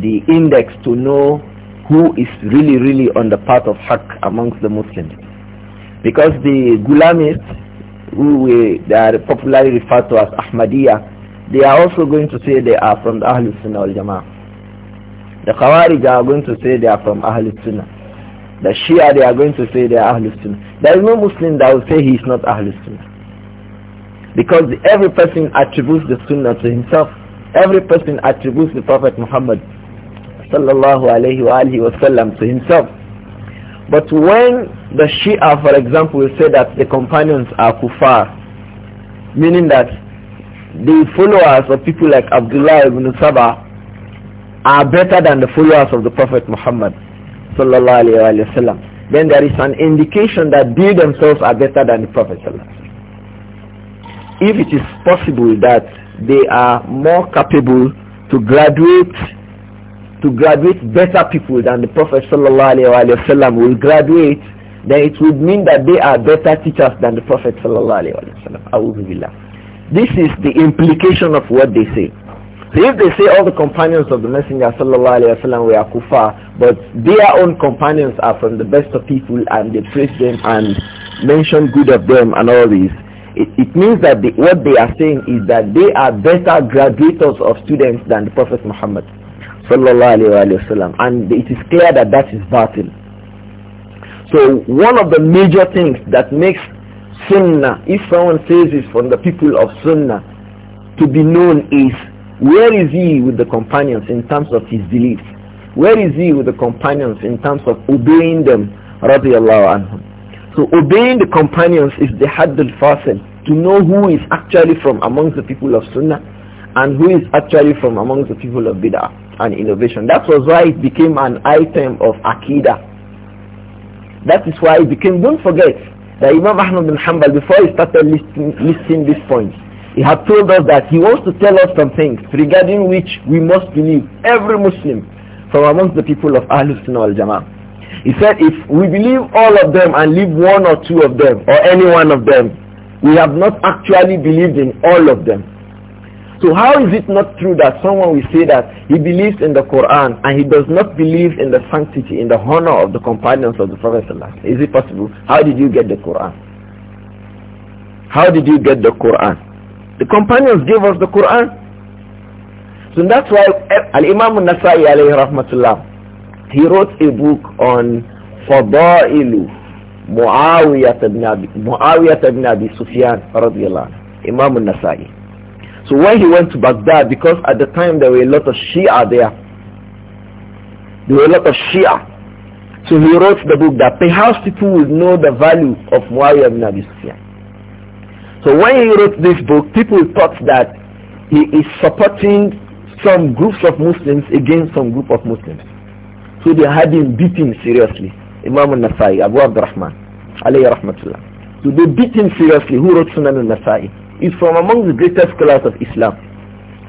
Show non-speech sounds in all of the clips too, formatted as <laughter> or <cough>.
the index to know who is really really on the path of haq amongst the Muslims. Because the Gulamis, who we, they are popularly referred to as Ahmadiyya, they are also going to say they are from the Ahlul Sunnah wal Jama'ah. The Khawarij are going to say they are from Ahlul Sunnah. The Shia, they are going to say they are Ahlul Sunnah. There is no Muslim that will say he is not Ahlul Sunnah. Because every person attributes the Sunnah to himself. Every person attributes the Prophet Muhammad sallallahu alayhi wa alihi wasallam to himself. But when the Shia, for example, will say that the companions are kuffar, meaning that the followers of people like Abdullah ibn Saba are better than the followers of the Prophet Muhammad sallallahu alayhi wa sallam, then there is an indication that they themselves are better than the Prophet sallallahu if it is possible that they are more capable to graduate to graduate better people than the Prophet sallallahu alaihi wasallam will graduate, then it would mean that they are better teachers than the Prophet sallallahu alaihi wasallam. This is the implication of what they say. So if they say all the companions of the Messenger sallallahu alaihi wasallam were kuffar, but their own companions are from the best of people and they praise them and mention good of them and all these, it, it, means that what they are saying is that they are better graduates of students than the Prophet Muhammad sallallahu alayhi and it is clear that that is batil so one of the major things that makes sunnah if someone says it's from the people of sunnah to be known is where is he with the companions in terms of his beliefs where is he with the companions in terms of obeying them radiallahu anhum so obeying the companions is the hadd al-fasil to know who is actually from among the people of sunnah and who is actually from among the people of bid'ah and innovation. That was why it became an item of Akida. That is why it became, don't forget, that Imam Ahmad bin Hanbal, before he started listing, listing these points, he had told us that he wants to tell us some things regarding which we must believe, every Muslim, from amongst the people of Ahlul Sunnah al-Jama'ah. He said, if we believe all of them and leave one or two of them, or any one of them, we have not actually believed in all of them. So how is it not true that someone will say that he believes in the Quran and he does not believe in the sanctity, in the honor of the companions of the Prophet Is it possible? How did you get the Quran? How did you get the Quran? The companions gave us the Quran. So that's why Al-Imam Nasai alayhi rahmatullah, he wrote a book on Fada'ilu Muawiyah ibn Abi, Muawiyah ibn Abi Sufyan radiyallahu Imam Nasai. So when he went to Baghdad, because at the time there were a lot of Shia there, there were a lot of Shia. So he wrote the book that perhaps people would know the value of Muawiyah ibn Abi Sufyan. So when he wrote this book, people thought that he is supporting some groups of Muslims against some group of Muslims. So they had him beaten seriously. Imam al-Nasai, Abu Abdurrahman, alayhi rahmatullah. So they beat him seriously. Who wrote Sunan al-Nasai? is from among the greatest scholars of Islam.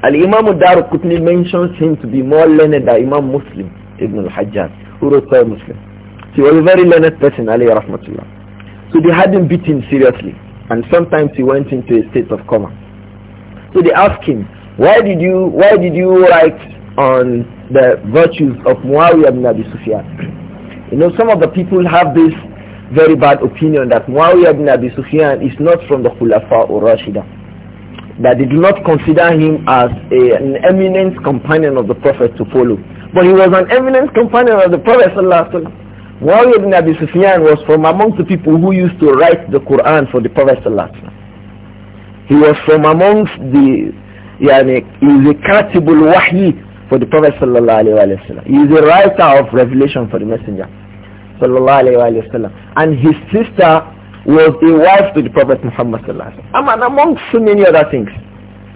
Al-Imam al Qutni mentions him to be more learned than Imam Muslim, Ibn al-Hajjaj, who wrote Sahih Muslim. he was a very learned person, alayhi rahmatullah. So they had him beaten seriously, and sometimes he went into a state of coma. So they asked him, why did you, why did you write on the virtues of Muawiya ibn Abi Sufyan? You know, some of the people have this very bad opinion that Muawiyah ibn Abi Sufyan is not from the Khulafa or Rashida. That they do not consider him as a, an eminent companion of the Prophet to follow. But he was an eminent companion of the Prophet Muawiyah ibn Abi Sufyan was from among the people who used to write the Quran for the Prophet He was from amongst the, yani, he is a katibul wahi for the Prophet He is a writer of revelation for the Messenger and his sister was a wife to the Prophet Muhammad sallallahu alayhi among so many other things.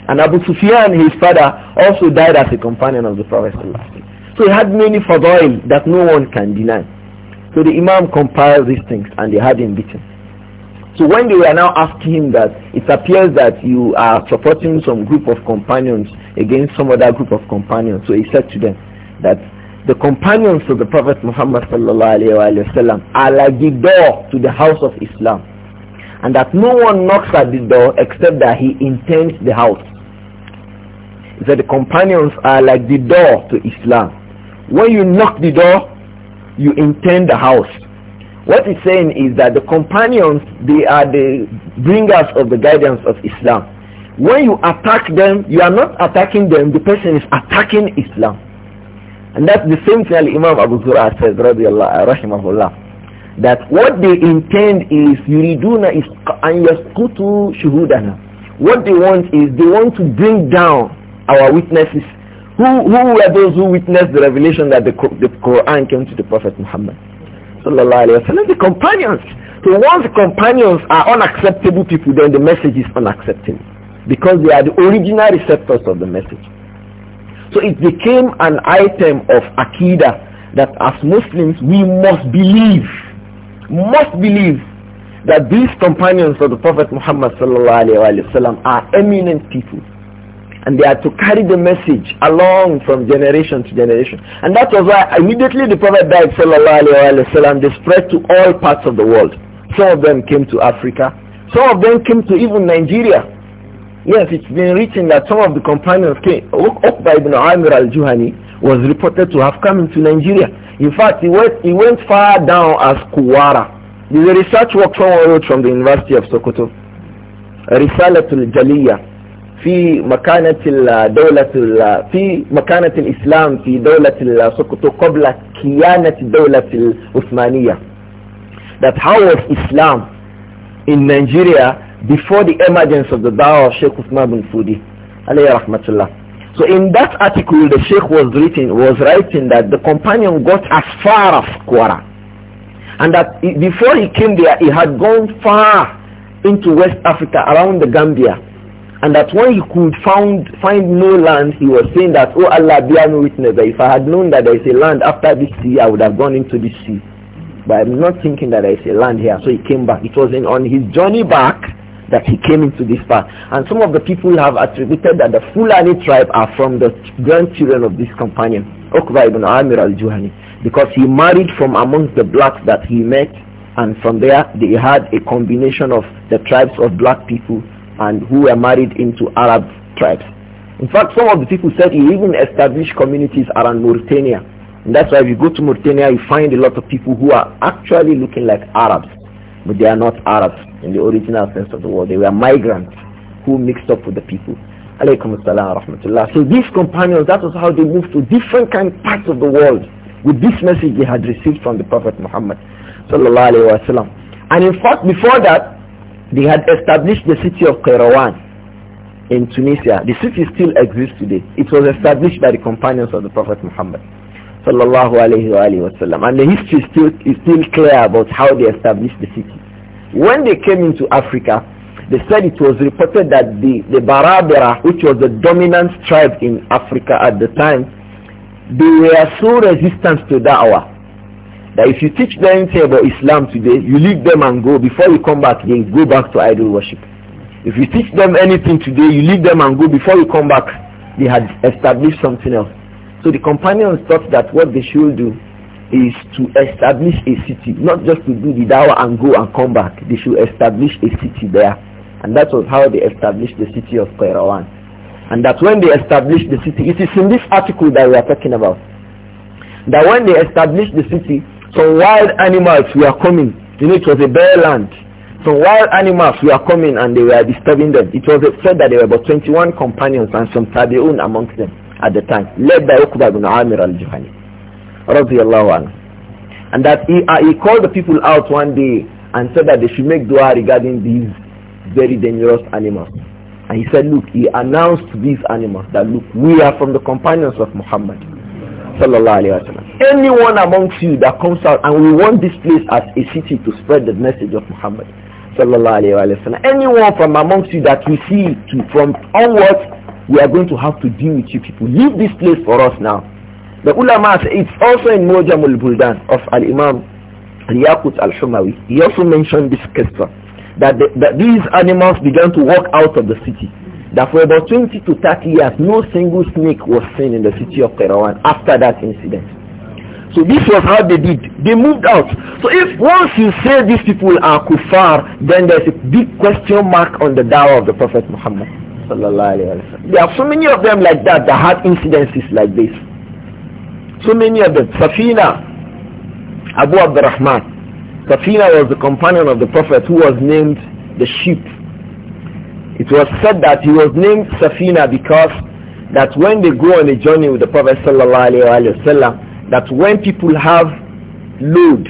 And Abu Sufyan, his father, also died as a companion of the Prophet sallallahu So he had many fadail that no one can deny. So the Imam compiled these things and they had him beaten. So when they were now asking him that, it appears that you are supporting some group of companions against some other group of companions. So he said to them that the companions of the Prophet Muhammad وسلم, are like the door to the house of Islam. And that no one knocks at the door except that he intends the house. That the companions are like the door to Islam. When you knock the door, you intend the house. What he's saying is that the companions, they are the bringers of the guidance of Islam. When you attack them, you are not attacking them, the person is attacking Islam. And that's the same thing Imam Abu Zura says, rahimahullah, that what they intend is yuriduna is an yaskutu shuhudana. What they want is they want to bring down our witnesses. Who, who were those who witnessed the revelation that the, the Quran came to the Prophet Muhammad? Sallallahu Alaihi Wasallam, the companions. So once the companions are unacceptable people, then the message is unacceptable because they are the original receptors of the message. So it became an item of Akida that as Muslims we must believe, must believe that these companions of the Prophet Muhammad wasallam are eminent people. And they are to carry the message along from generation to generation. And that was why immediately the Prophet died, wasallam, they spread to all parts of the world. Some of them came to Africa. Some of them came to even Nigeria. Yes, it's been written that some of the companions came. Uqba ibn Amir al-Juhani was reported to have come into Nigeria. In fact, he went, he went far down as Kuwara. There's a research work someone wrote from the University of Sokoto. رسالة الجلية في مكانة دولة في مكانة الإسلام في دولة Sokoto قبل كيانة الدولة العثمانية that how was Islam in Nigeria before the emergence of the Dawah of Sheikh Uthman bin Fudi, So in that article, the Sheikh was writing, was writing that the companion got as far as Quara. And that before he came there, he had gone far into West Africa, around the Gambia. And that when he could found, find no land, he was saying that, Oh Allah, be me witness that if I had known that there is a land after this sea, I would have gone into this sea. But I'm not thinking that there is a land here. So he came back. It was in, on his journey back that he came into this path. And some of the people have attributed that the Fulani tribe are from the grandchildren of this companion, Uqba ibn Amir al-Juhani, because he married from amongst the blacks that he met, and from there they had a combination of the tribes of black people and who were married into Arab tribes. In fact, some of the people said he even established communities around Mauritania. And that's why if you go to Mauritania, you find a lot of people who are actually looking like Arabs, but they are not Arabs in the original sense of the word. They were migrants who mixed up with the people. Alaykum rahmatullah. So these companions, that was how they moved to different kind parts of the world with this message they had received from the Prophet Muhammad sallallahu And in fact, before that, they had established the city of Qayrawan in Tunisia. The city still exists today. It was established by the companions of the Prophet Muhammad sallallahu And the history still, is still clear about how they established the city. When they came into Africa, they said it was reported that the, the Barabara, which was the dominant tribe in Africa at the time, they were so resistant to da'wah that if you teach them about Islam today, you leave them and go. Before you come back, they go back to idol worship. If you teach them anything today, you leave them and go. Before you come back, they had established something else. So the companions thought that what they should do is to establish a city, not just to do the dawah and go and come back. They should establish a city there. And that was how they established the city of Qairawan. And that when they established the city, it is in this article that we are talking about. That when they established the city, some wild animals were coming. You know, it was a bare land. Some wild animals were coming and they were disturbing them. It was said that there were about 21 companions and some tabi'un amongst them at the time, led by Uqba ibn Amir al-Juhani radiallahu anhu. And that he, uh, he called the people out one day and said that they should make dua regarding these very dangerous animals. And he said, look, he announced these animals that, look, we are from the companions of Muhammad. Anyone amongst you that comes out, and we want this place as a city to spread the message of Muhammad. Anyone from amongst you that we see to, from onwards, we are going to have to deal with you people. Leave this place for us now. The ulama, it's also in Mojamul Buldan of Al-Imam Riyakut Al-Shumawi. He also mentioned this question, that, the, that these animals began to walk out of the city. That for about 20 to 30 years, no single snake was seen in the city of Kerawan after that incident. So this was how they did. They moved out. So if once you say these people are kuffar, then there's a big question mark on the dawah of the Prophet Muhammad. There are so many of them like that that had incidences like this. So many of them. Safina, Abu Abdurrahman. Safina was the companion of the Prophet who was named the sheep. It was said that he was named Safina because that when they go on a journey with the Prophet wasallam, that when people have load,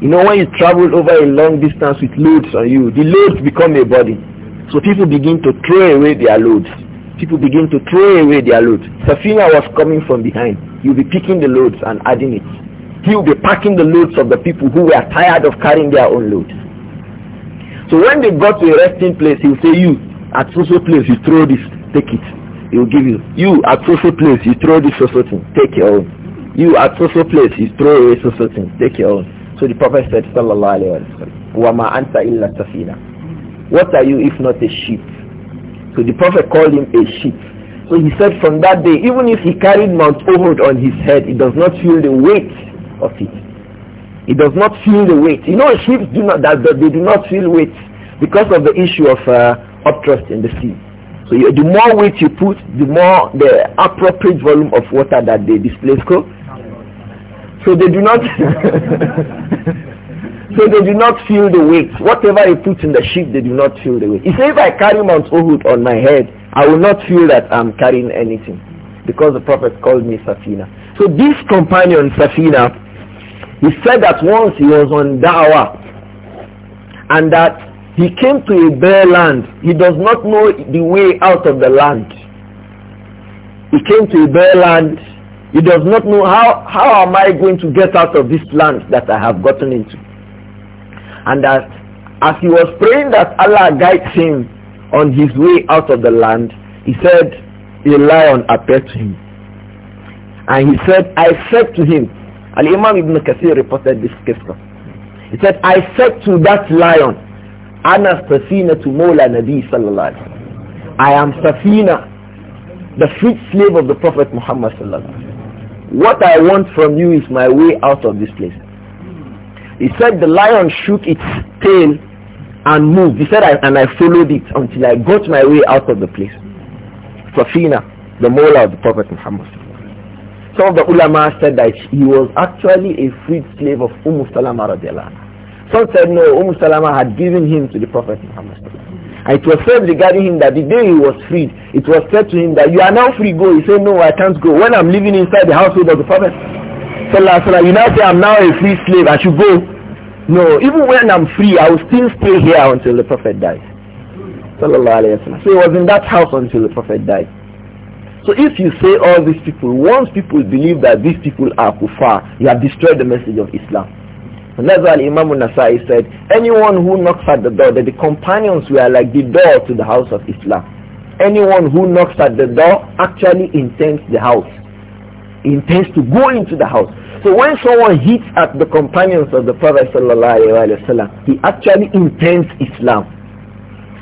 you know when you travel over a long distance with loads on you, the loads become a burden. So people begin to throw away their loads people begin to throw away their load. Safina was coming from behind. he will be picking the loads and adding it. He'll be packing the loads of the people who were tired of carrying their own loads. So when they got to a resting place, he'll say, you, at social place, you throw this, take it. He'll give you. You, at social place, you throw this social thing, take your own. You, at social place, you throw away social thing, take your own. So the Prophet said, sallallahu alayhi wa sallam, وَمَا أَنْتَ إِلَّا What are you if not a sheep? So the Prophet called him a sheep. So he said from that day, even if he carried Mount Uhud on his head, it does not feel the weight of it. It does not feel the weight. You know, sheep do not, that, that they do not feel weight because of the issue of uh, upthrust in the sea. So you, the more weight you put, the more the appropriate volume of water that they displace. So they do not <laughs> <laughs> So they do not feel the weight. Whatever he puts in the ship, they do not feel the weight. He said, if I carry Mount Uhud on my head, I will not feel that I'm carrying anything. Because the Prophet called me Safina. So this companion, Safina, he said that once he was on Da'wah and that he came to a bare land. He does not know the way out of the land. He came to a bare land. He does not know how, how am I going to get out of this land that I have gotten into and that as he was praying that Allah guides him on his way out of the land, he said, a lion appeared to him. And he said, I said to him, Ali imam Ibn Kathir reported this case. He said, I said to that lion, Ana Safina to Mola Nabi sallallahu alayhi I am Safina, the freed slave of the Prophet Muhammad sallallahu alayhi What I want from you is my way out of this place. He said the lion shook its tail and moved. He said, I, and I followed it until I got my way out of the place. Safina, the mullah of the Prophet Muhammad. Some of the ulama said that he was actually a freed slave of Umm Salama radiallahu Some said no, Umm Salama had given him to the Prophet Muhammad. And it was said regarding him that the day he was freed, it was said to him that you are now free, go. He said, no, I can't go. When I'm living inside the household of the Prophet, you now say I'm now a free slave, I should go. No, even when I'm free, I will still stay here until the Prophet dies. So he was in that house until the Prophet died. So if you say all these people, once people believe that these people are kuffar, you have destroyed the message of Islam. And that's why Imam Nasai said, anyone who knocks at the door, that the companions were like the door to the house of Islam. Anyone who knocks at the door actually intends the house intends to go into the house. So when someone hits at the companions of the Prophet ﷺ, he actually intends Islam.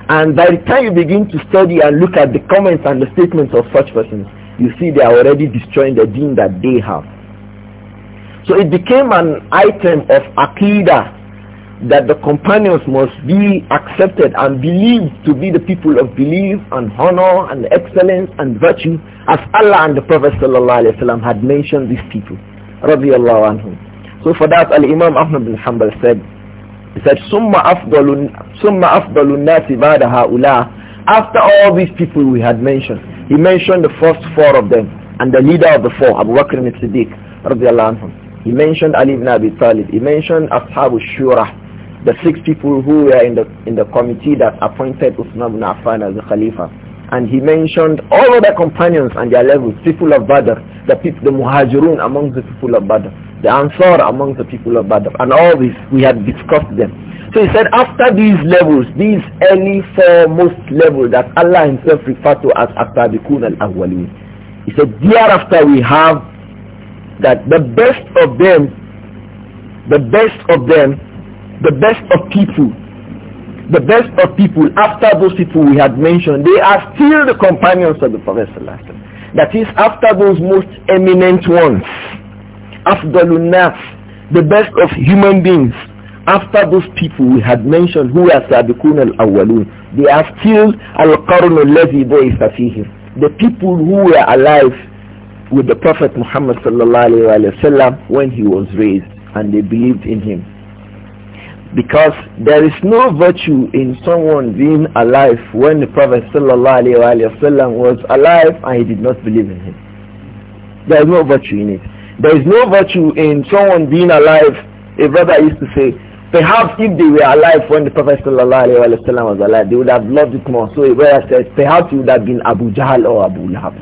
And by the time you begin to study and look at the comments and the statements of such persons, you see they are already destroying the deen that they have. So it became an item of aqidah that the companions must be accepted and believed to be the people of belief and honor and excellence and virtue as Allah and the Prophet sallallahu alaihi wasallam had mentioned these people so for that al-imam Ahmad bin Hanbal said he said summa afdalun summa afdalun nasi after all these people we had mentioned he mentioned the first four of them and the leader of the four Abu Bakr ibn Siddiq radiyallahu he mentioned Ali ibn Abi Talib he mentioned Ashab al-Shura the six people who were in the in the committee that appointed Usman ibn Affan as the Khalifa. And he mentioned all of the companions and their levels, people of Badr, the people, the Muhajirun among the people of Badr, the Ansar among the people of Badr, and all this, we had discussed them. So he said, after these levels, these early foremost levels that Allah himself referred to as Aqtabikun al-Awwalin, he said, thereafter we have that the best of them, the best of them the best of people the best of people after those people we had mentioned they are still the companions of the prophet that is after those most eminent ones the nas the best of human beings after those people we had mentioned who are sabiqun al-awwalun they are still al-qarn alladhi bu'itha fihim the people who were alive with the prophet muhammad sallallahu when he was raised and they believed in him because there is no virtue in someone being alive when the Prophet ﷺ was alive and he did not believe in him. There is no virtue in it. There is no virtue in someone being alive. A brother used to say, perhaps if they were alive when the Prophet ﷺ was alive, they would have loved it more. So a brother says, perhaps he would have been Abu Jahl or Abu Lahab.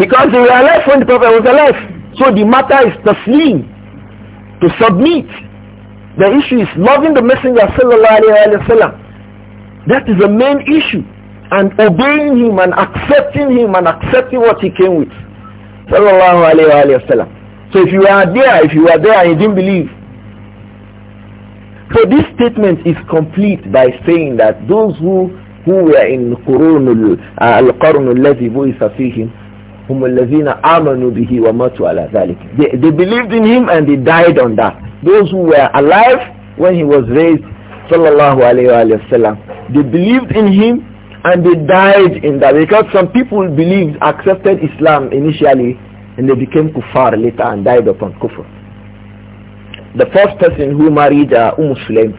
Because they were alive when the Prophet was alive. So the matter is to flee, to submit. The issue is loving the Messenger sallallahu That is the main issue. And obeying him and accepting him and accepting what he came with. Sallallahu alayhi wasallam. So if you are there, if you are there and you didn't believe. So this statement is complete by saying that those who who were in Qurun uh, al-Qarn alladhi bu'itha fihim هم الذين آمنوا به وماتوا على ذلك they, they believed in him and they died on that those who were alive when he was raised sallallahu alayhi wa they believed in him and they died in that because some people believed accepted Islam initially and they became kuffar later and died upon kufr the first person who married uh, Umm Sulaim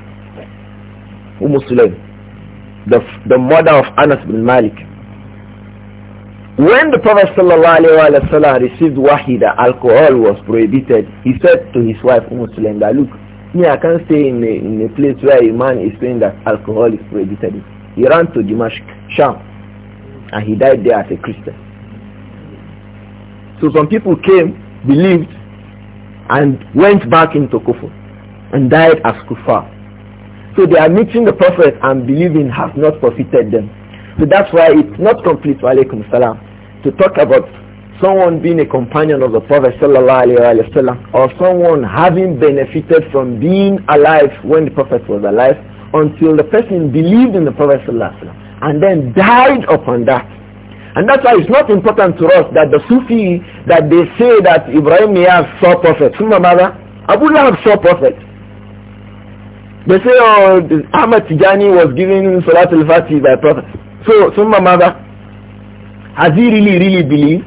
Umm Sulaim the, the mother of Anas bin Malik when the Prophet ﷺ received wahi that alcohol was prohibited, he said to his wife Umm Sulaim look, me I can't stay in a, in a place where a man is saying that alcohol is prohibited. He ran to Dimashq, Sham, and he died there as a Christian. So some people came, believed, and went back into Kufr and died as Kufar. So they are meeting the Prophet and believing has not profited them. So that's why it's not complete. Wa alaikum salam to talk about someone being a companion of the Prophet or someone having benefited from being alive when the Prophet was alive until the person believed in the Prophet and then died upon that. And that's why it's not important to us that the Sufi, that they say that Ibrahim have saw Prophet. Remember, Abu Lahab saw Prophet. They say, oh, Ahmad Tijani was given Salatul Fatih by Prophet. So, Summa Mother, has he really, really believed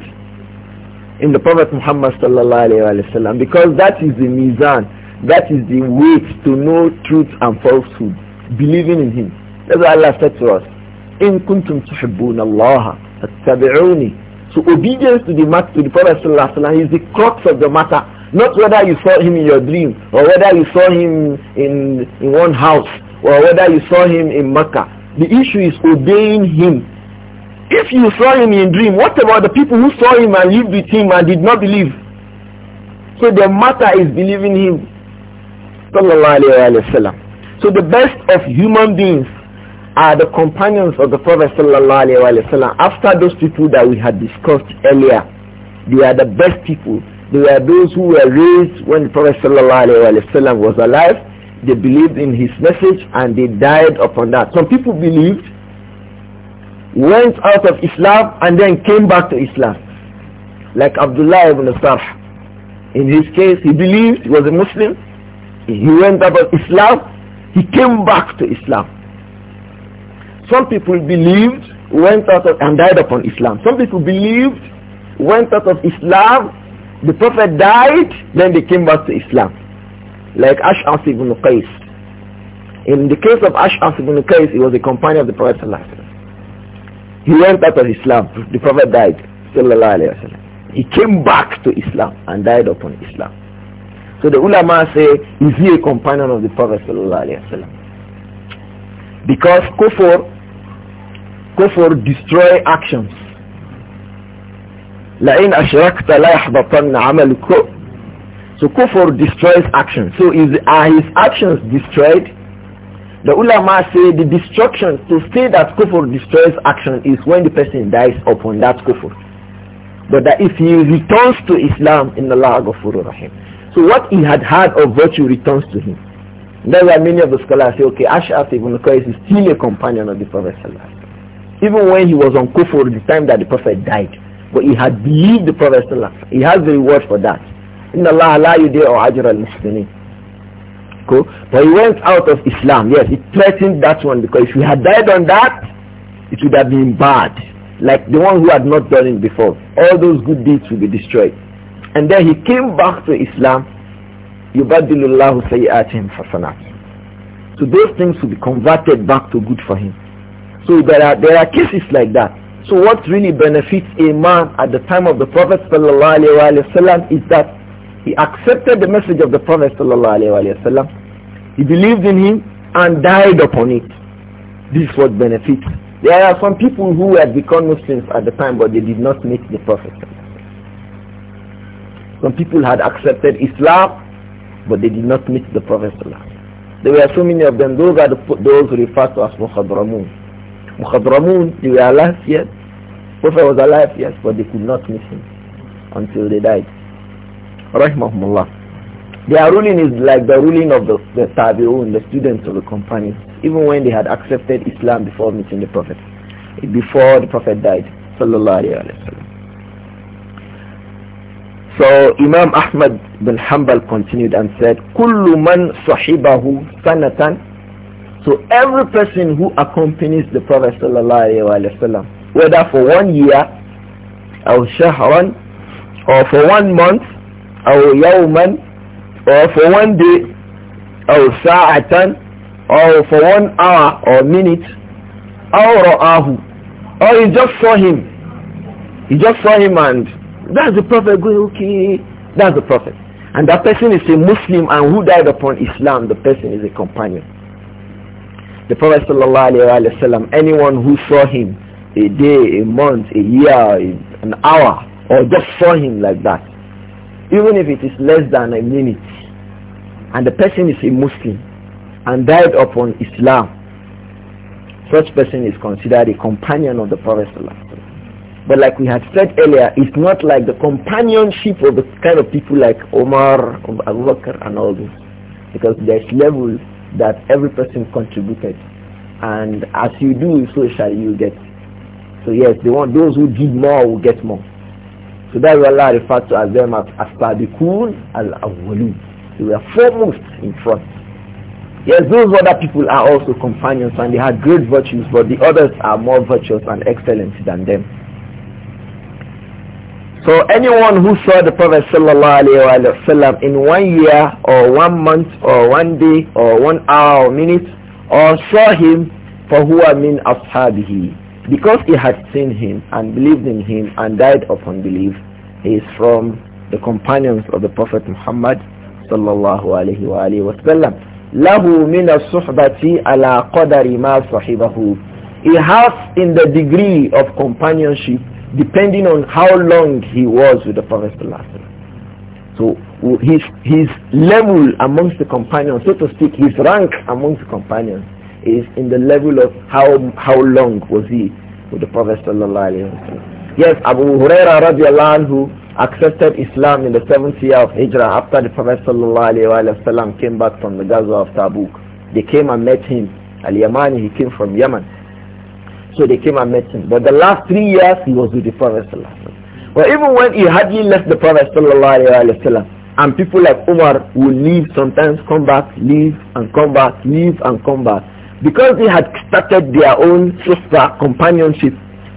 in the Prophet Muhammad sallallahu Because that is the mizan. That is the weight to know truth and falsehood. Believing in him. That's what Allah said to us. In kuntum tuhibbun Allah attabi'uni. So obedience to the to the Prophet sallallahu alayhi is the crux of the matter. Not whether you saw him in your dream or whether you saw him in, in one house or whether you saw him in Mecca. The issue is obeying him if you saw him in dream, what about the people who saw him and lived with him and did not believe? So the matter is believing him. So the best of human beings are the companions of the Prophet After those people that we had discussed earlier, they are the best people. They are those who were raised when the Prophet was alive. They believed in his message and they died upon that. Some people believed went out of Islam and then came back to Islam. Like Abdullah ibn Sarh. In his case, he believed, he was a Muslim. He went out of Islam. He came back to Islam. Some people believed, went out of, and died upon Islam. Some people believed, went out of Islam. The Prophet died, then they came back to Islam. Like Ash'as ibn Qais. In the case of Ash'as ibn Qais, he was a companion of the Prophet Sallallahu he went out of Islam. The Prophet died. He came back to Islam and died upon Islam. So the ulama say, is he a companion of the Prophet Because kufr, kufr destroy actions. أَشْرَكْتَ لَيَحْبَطَنَّ عَمَلُكُ So kufr destroys actions. So is, are his actions destroyed? The ulama say the destruction, to say that kufr destroys action is when the person dies upon that kufr. But that if he returns to Islam in the law of Rahim. So what he had had of virtue returns to him. That's why many of the scholars say, okay, Ash'af ibn Qais is still a companion of the Prophet Even when he was on kufr the time that the Prophet died. But he had believed the Prophet He has the reward for that. إن الله لا يضيع أجر المحسنين but he went out of Islam. Yes, he threatened that one because if he had died on that, it would have been bad. Like the one who had not done it before. All those good deeds will be destroyed. And then he came back to Islam. يُبَدِّلُ اللَّهُ سَيِّئَاتِهِمْ حَسَنَاتٍ So those things will be converted back to good for him. So there are, there are cases like that. So what really benefits a man at the time of the Prophet ﷺ is that he accepted the message of the Prophet ﷺ he believed in him and died upon it. This was benefit. There are some people who had become Muslims at the time but they did not meet the Prophet. Some people had accepted Islam but they did not meet the Prophet. There were so many of them. Those are the, those referred to as Mukhadramun. Mukhadramun, they were alive yet. Prophet was alive yes but they could not meet him until they died. Rahimahumullah. Their ruling is like the ruling of the, the Tabi'un, the students of the companions, even when they had accepted Islam before meeting the Prophet, before the Prophet died. So Imam Ahmad bin Hanbal continued and said, Kullu man sahibahu sanatan. So every person who accompanies the Prophet وسلم, whether for one year, or shahran, or for one month, or yawman, or for one day or sa'atan or for one hour or minute or ra'ahu or he just saw him he just saw him and that's the prophet okay that's the prophet and that person is a muslim and who died upon islam the person is a companion the prophet sallallahu anyone who saw him a day a month a year an hour or just saw him like that even if it is less than a minute and the person is a Muslim and died upon Islam, such person is considered a companion of the Prophet but like we had said earlier, it's not like the companionship of the kind of people like Omar, Abu Bakr and all this. Because there's levels that every person contributed. And as you do, so shall you get. So yes, they want those who did more will get more. So that's what Allah refers to as them as Asadikun al-Awwalun. They were foremost in front. Yes, those other people are also companions and they had great virtues, but the others are more virtuous and excellent than them. So anyone who saw the Prophet wasallam in one year or one month or one day or one hour or minute or saw him, for mean مِنْ he, Because he had seen him and believed in him and died upon belief, he is from the companions of the Prophet Muhammad صلى الله عليه وآله وسلم له من الصحبة على قدر ما صحبه He has in the degree of companionship depending on how long he was with the Prophet So his, his level amongst the companions, so to speak, his rank amongst the companions is in the level of how, how long was he with the Prophet Yes, Abu Huraira radiallahu anhu accepted Islam in the seventh year of Hijrah after the Prophet ﷺ came back from the Gaza of Tabuk. They came and met him. Al-Yamani, he came from Yemen. So they came and met him. But the last three years, he was with the Prophet ﷺ. But even when he hardly left the Prophet ﷺ, and people like Umar would leave sometimes, come back, leave and come back, leave and come back. Because they had started their own sister companionship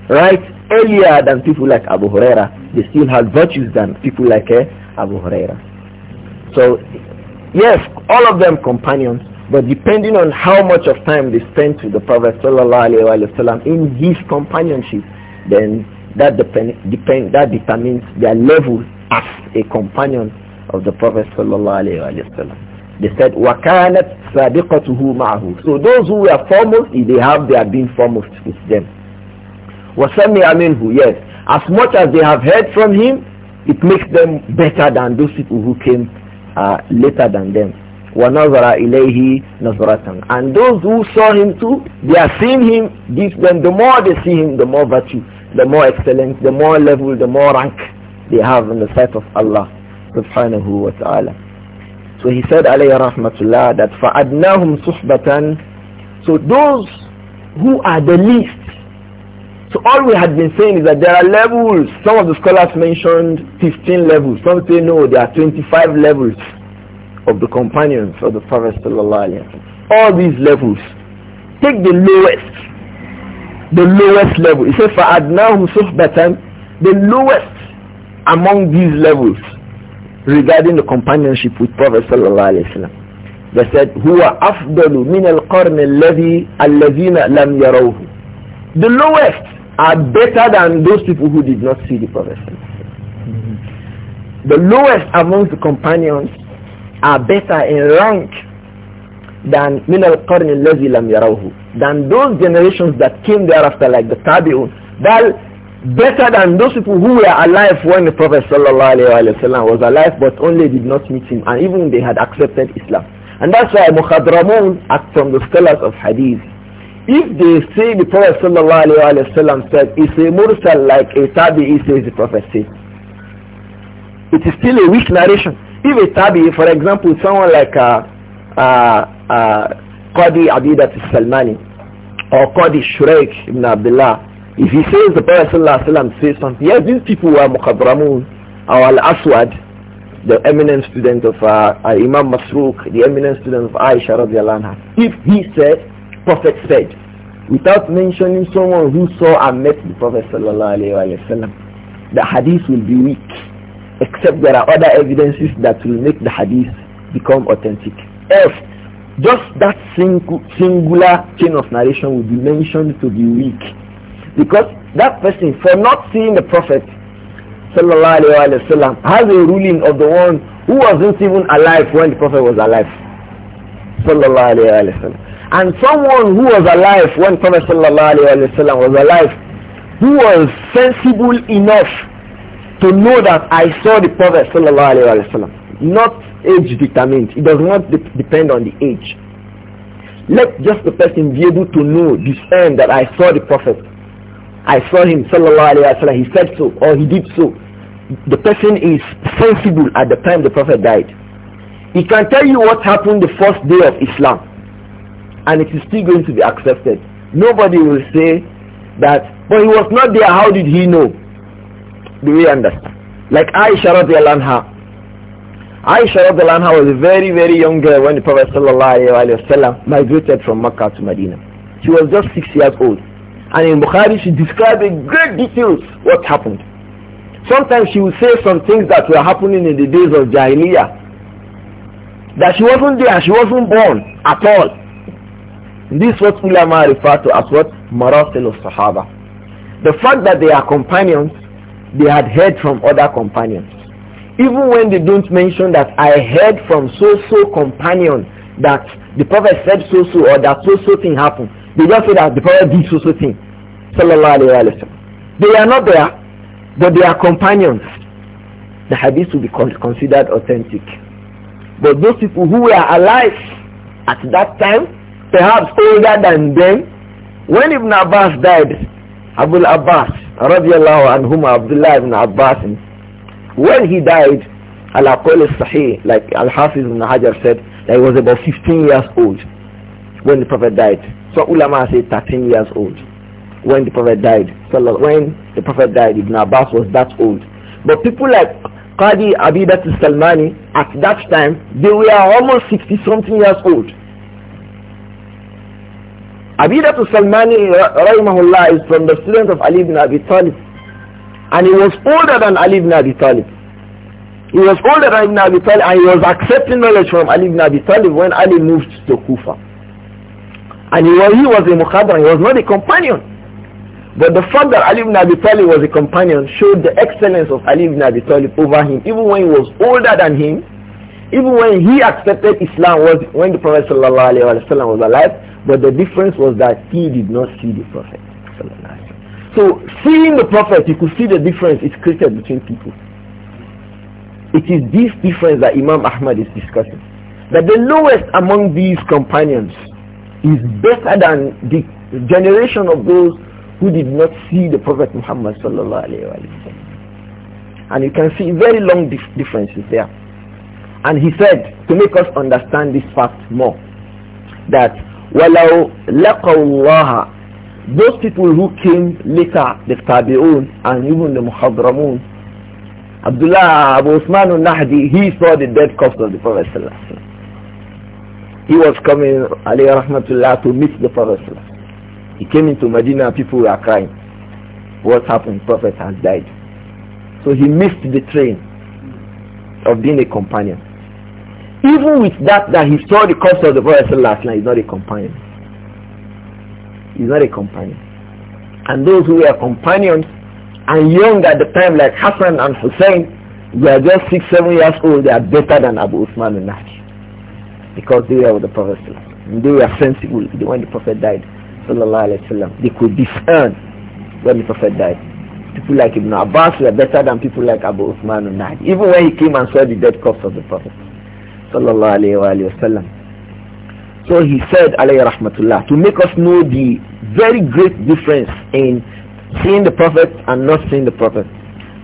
right earlier than people like Abu Huraira they still had virtues than people like uh, Abu Huraira. So, yes, all of them companions, but depending on how much of time they spent with the Prophet wasallam in his companionship, then that, depend, depend, that determines their level as a companion of the Prophet wasallam. They said, وَكَانَتْ سَابِقَتُهُ مَعَهُ So those who were foremost, they have they have being foremost with them. وَسَمِعَ مِنْهُ Yes, as much as they have heard from him, it makes them better than those people who came uh, later than them. وَنَظَرَ إِلَيْهِ نَظْرَةً And those who saw him too, they are seeing him, gives them, the more they see him, the more virtue, the more excellence, the more level, the more rank they have in the sight of Allah subhanahu wa ta'ala. So he said alayhi rahmatullah that فَأَدْنَاهُمْ صُحْبَةً So those who are the least so all we had been saying is that there are levels. Some of the scholars mentioned 15 levels. Some say no, there are 25 levels of the companions of the Prophet All these levels. Take the lowest. The lowest level. It says, فَأَدْنَاهُمْ صُحْبَةً The lowest among these levels regarding the companionship with Prophet Sallallahu Alaihi Wasallam. They said, هُوَ أَفْضَلُ al الْقَرْنِ الَّذِي الَّذِينَ lam يَرَوْهُ The lowest are better than those people who did not see the Prophet. The lowest amongst the companions are better in rank than min al qarn lam yarawhu than those generations that came thereafter like the tabi'un that better than those people who were alive when the prophet sallallahu alaihi wasallam was alive but only did not meet him and even they had accepted islam and that's why muhadramun from the scholars of hadith if they say the Prophet sallallahu said, it's a mursal like a tabi, says the Prophet said, it is still a weak narration. If a tabi, for example, someone like a, a, a Qadi Abidat Salmani or Qadi Shuraik ibn Abdullah, if he says the Prophet sallallahu alaihi wasallam says something, yes, these people were muqadramun or al-aswad, the eminent student of uh, uh, Imam Masruq, the eminent student of Aisha radiallahu anha. If he said, Prophet said, without mentioning someone who saw and met the Prophet sallallahu alaihi wasallam, the hadith will be weak, except there are other evidences that will make the hadith become authentic. Else, just that singular chain of narration will be mentioned to be weak, because that person, for not seeing the Prophet sallallahu alaihi wasallam, has a ruling of the one who wasn't even alive when the Prophet was alive sallallahu alaihi wasallam. And someone who was alive when Prophet sallallahu was alive, who was sensible enough to know that I saw the Prophet sallallahu Not age determined. It does not de depend on the age. Let just the person be able to know, discern that I saw the Prophet. I saw him sallallahu He said so or he did so. The person is sensible at the time the Prophet died. He can tell you what happened the first day of Islam and it is still going to be accepted. Nobody will say that, but he was not there, how did he know? Do we understand? Like Aisha radiallahu anha. Aisha radiallahu anha was a very, very young girl when the Prophet sallallahu alayhi migrated from Makkah to Medina. She was just six years old. And in Bukhari she described in great details what happened. Sometimes she would say some things that were happening in the days of Jahiliyyah. That she wasn't there, she wasn't born at all. This what ulama refer to as what maratil sahaba. The fact that they are companions, they had heard from other companions. Even when they don't mention that I heard from so-so companion that the Prophet said so-so or that so-so thing happened, they just say that the Prophet did so-so thing. alayhi They are not there, but they are companions. The hadith will be considered authentic. But those people who were alive at that time, perhaps older than them. When Ibn Abbas died, Abul Abbas, radiallahu anhum, Abdullah ibn Abbas, when he died, Al-Aqal sahih like Al-Hafiz ibn Hajar said, that he was about 15 years old when the Prophet died. So ulama say 13 years old when the Prophet died. So when the Prophet died, Ibn Abbas was that old. But people like Qadi Abibat al-Salmani, at that time, they were almost 60-something years old. Abidat Salmani rahimahullah is from the student of Ali ibn Abi Talib. And he was older than Ali ibn Abi Talib. He was older than Ali Ibn Abi Talib and he was accepting knowledge from Ali ibn Abi Talib when Ali moved to Kufa. And he was, he was a mukhadram, he was not a companion. But the fact that Ali ibn Abi Talib was a companion showed the excellence of Ali ibn Abi Talib over him, even when he was older than him even when he accepted Islam was when the Prophet ﷺ was alive, but the difference was that he did not see the Prophet. So seeing the Prophet, you could see the difference it's created between people. It is this difference that Imam Ahmad is discussing. That the lowest among these companions is better than the generation of those who did not see the Prophet Muhammad ﷺ. And you can see very long dif differences there. And he said, to make us understand this fact more, that وَلَوْ لَقَوْا اللَّهَ Those people who came later, the Tabi'un and even the Muhadramun, Abdullah Abu Usman al-Nahdi, he saw the dead corpse of the Prophet He was coming, alayhi rahmatullah, to meet the Prophet He came into Medina, people were crying. What happened? Prophet has died. So he missed the train of being a companion even with that that he saw the corpse of the Prophet last night, he's not a companion. He's not a companion. And those who were companions and young at the time like Hassan and Hussein, they are just six, seven years old, they are better than Abu Usman and Nahdi. Because they were with the Prophet. And they were sensible when the Prophet died. They could discern when the Prophet died people like Ibn Abbas were better than people like Abu Usman and Nahdi, even when he came and saw the dead corpse of the Prophet sallallahu alayhi wa, alayhi wa sallam. So he said, alayhi rahmatullah, to make us know the very great difference in seeing the Prophet and not seeing the Prophet,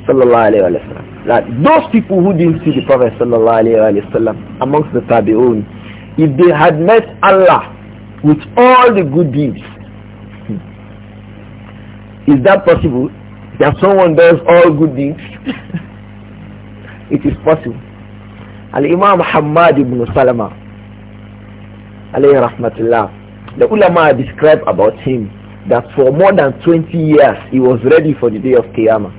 sallallahu alayhi wa sallam. That those people who didn't see the Prophet, sallallahu alayhi wa sallam, amongst the tabi'un, if they had met Allah with all the good deeds, hmm, is that possible? That someone does all good deeds? <laughs> it is possible. Al-Imam Hamad ibn Salama, alayhi rahmatullah, the ulama describe about him that for more than 20 years he was ready for the day of Qiyamah.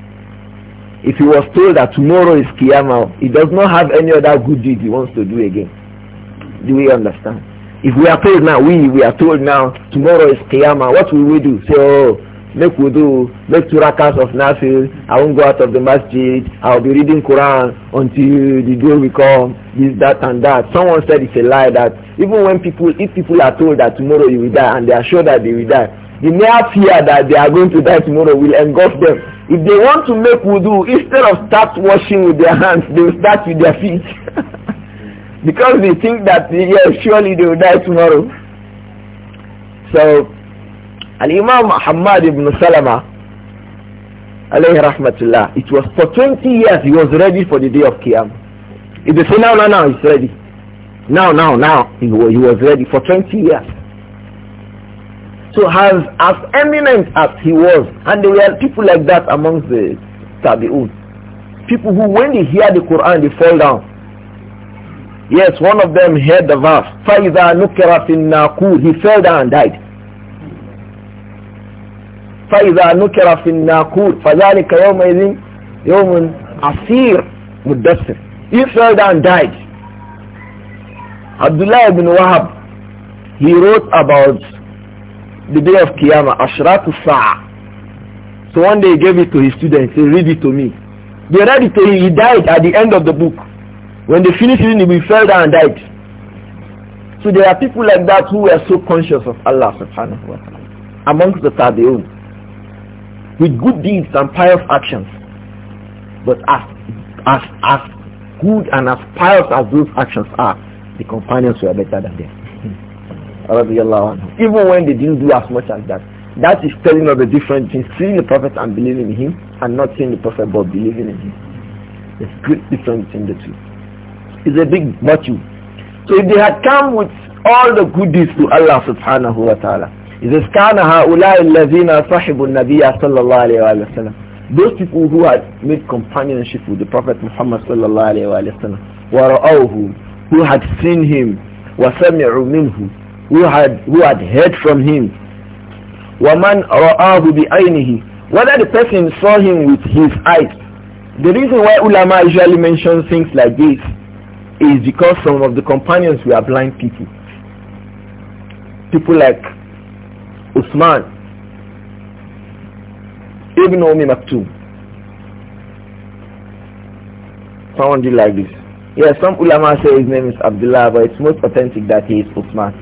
If he was told that tomorrow is Qiyamah, he does not have any other good deed he wants to do again. Do we understand? If we are told now, we, we are told now, tomorrow is Qiyamah, what will we do? Say, oh, make wudu, make two rakats of nafil, I won't go out of the masjid, I'll be reading Quran until the day will come, this, that and that. Someone said it's a lie that even when people, if people are told that tomorrow you will die and they are sure that they will die, the mere fear that they are going to die tomorrow will engulf them. If they want to make wudu, instead of start washing with their hands, they will start with their feet. <laughs> because they think that, yeah, surely they will die tomorrow. So Al-Imam Muhammad ibn Salama, alayhi rahmatullah, it was for 20 years he was ready for the day of Qiyam. If they say, now, now he's ready. Now, now, now, he, he was ready for 20 years. So as, as eminent as he was, and there were people like that amongst the Tabi'un, people who when they hear the Quran, they fall down. Yes, one of them heard the verse, فَإِذَا نُكِرَ فِي النَّاقُورِ He fell down and died. فإذا نكر في الناقور فذلك يومئذ يوم عسير مدثر He fell down and died. Abdullah ibn Wahab, he wrote about the day of Qiyamah, Ashratu Sa'a. So one day he gave it to his students, he read it to me. They read it to him, he died at the end of the book. When they finished reading it, he fell down and died. So there are people like that who were so conscious of Allah subhanahu wa ta'ala amongst the Tabi'un with good deeds and pious actions. But as, as, as good and as pious as those actions are, the companions were better than them. <laughs> Even when they didn't do as much as that. That is telling us the difference between seeing the Prophet and believing in him and not seeing the Prophet but believing in him. There's a great difference between the two. It's a big virtue. So if they had come with all the goodies to Allah subhanahu wa ta'ala, it says, كَانَ هَؤُلَاءِ الَّذِينَ صَحِبُ النَّبِيَّ صَلَّى اللَّهُ عَلَيْهِ وَسَلَّمَ Those people who had made companionship with the Prophet Muhammad صلى الله عليه وسلم وَرَأَوْهُ Who had seen him وَسَمِعُوا مِنْهُ Who had, who had heard from him وَمَنْ رَآهُ بِأَيْنِهِ Whether the person saw him with his eyes the reason why ulama usually mention things like this is because some of the companions were blind people. People like Usman Ibn Umi Maktoum. Someone did like this. Yes, yeah, some ulama say his name is Abdullah, but it's most authentic that he is Usman.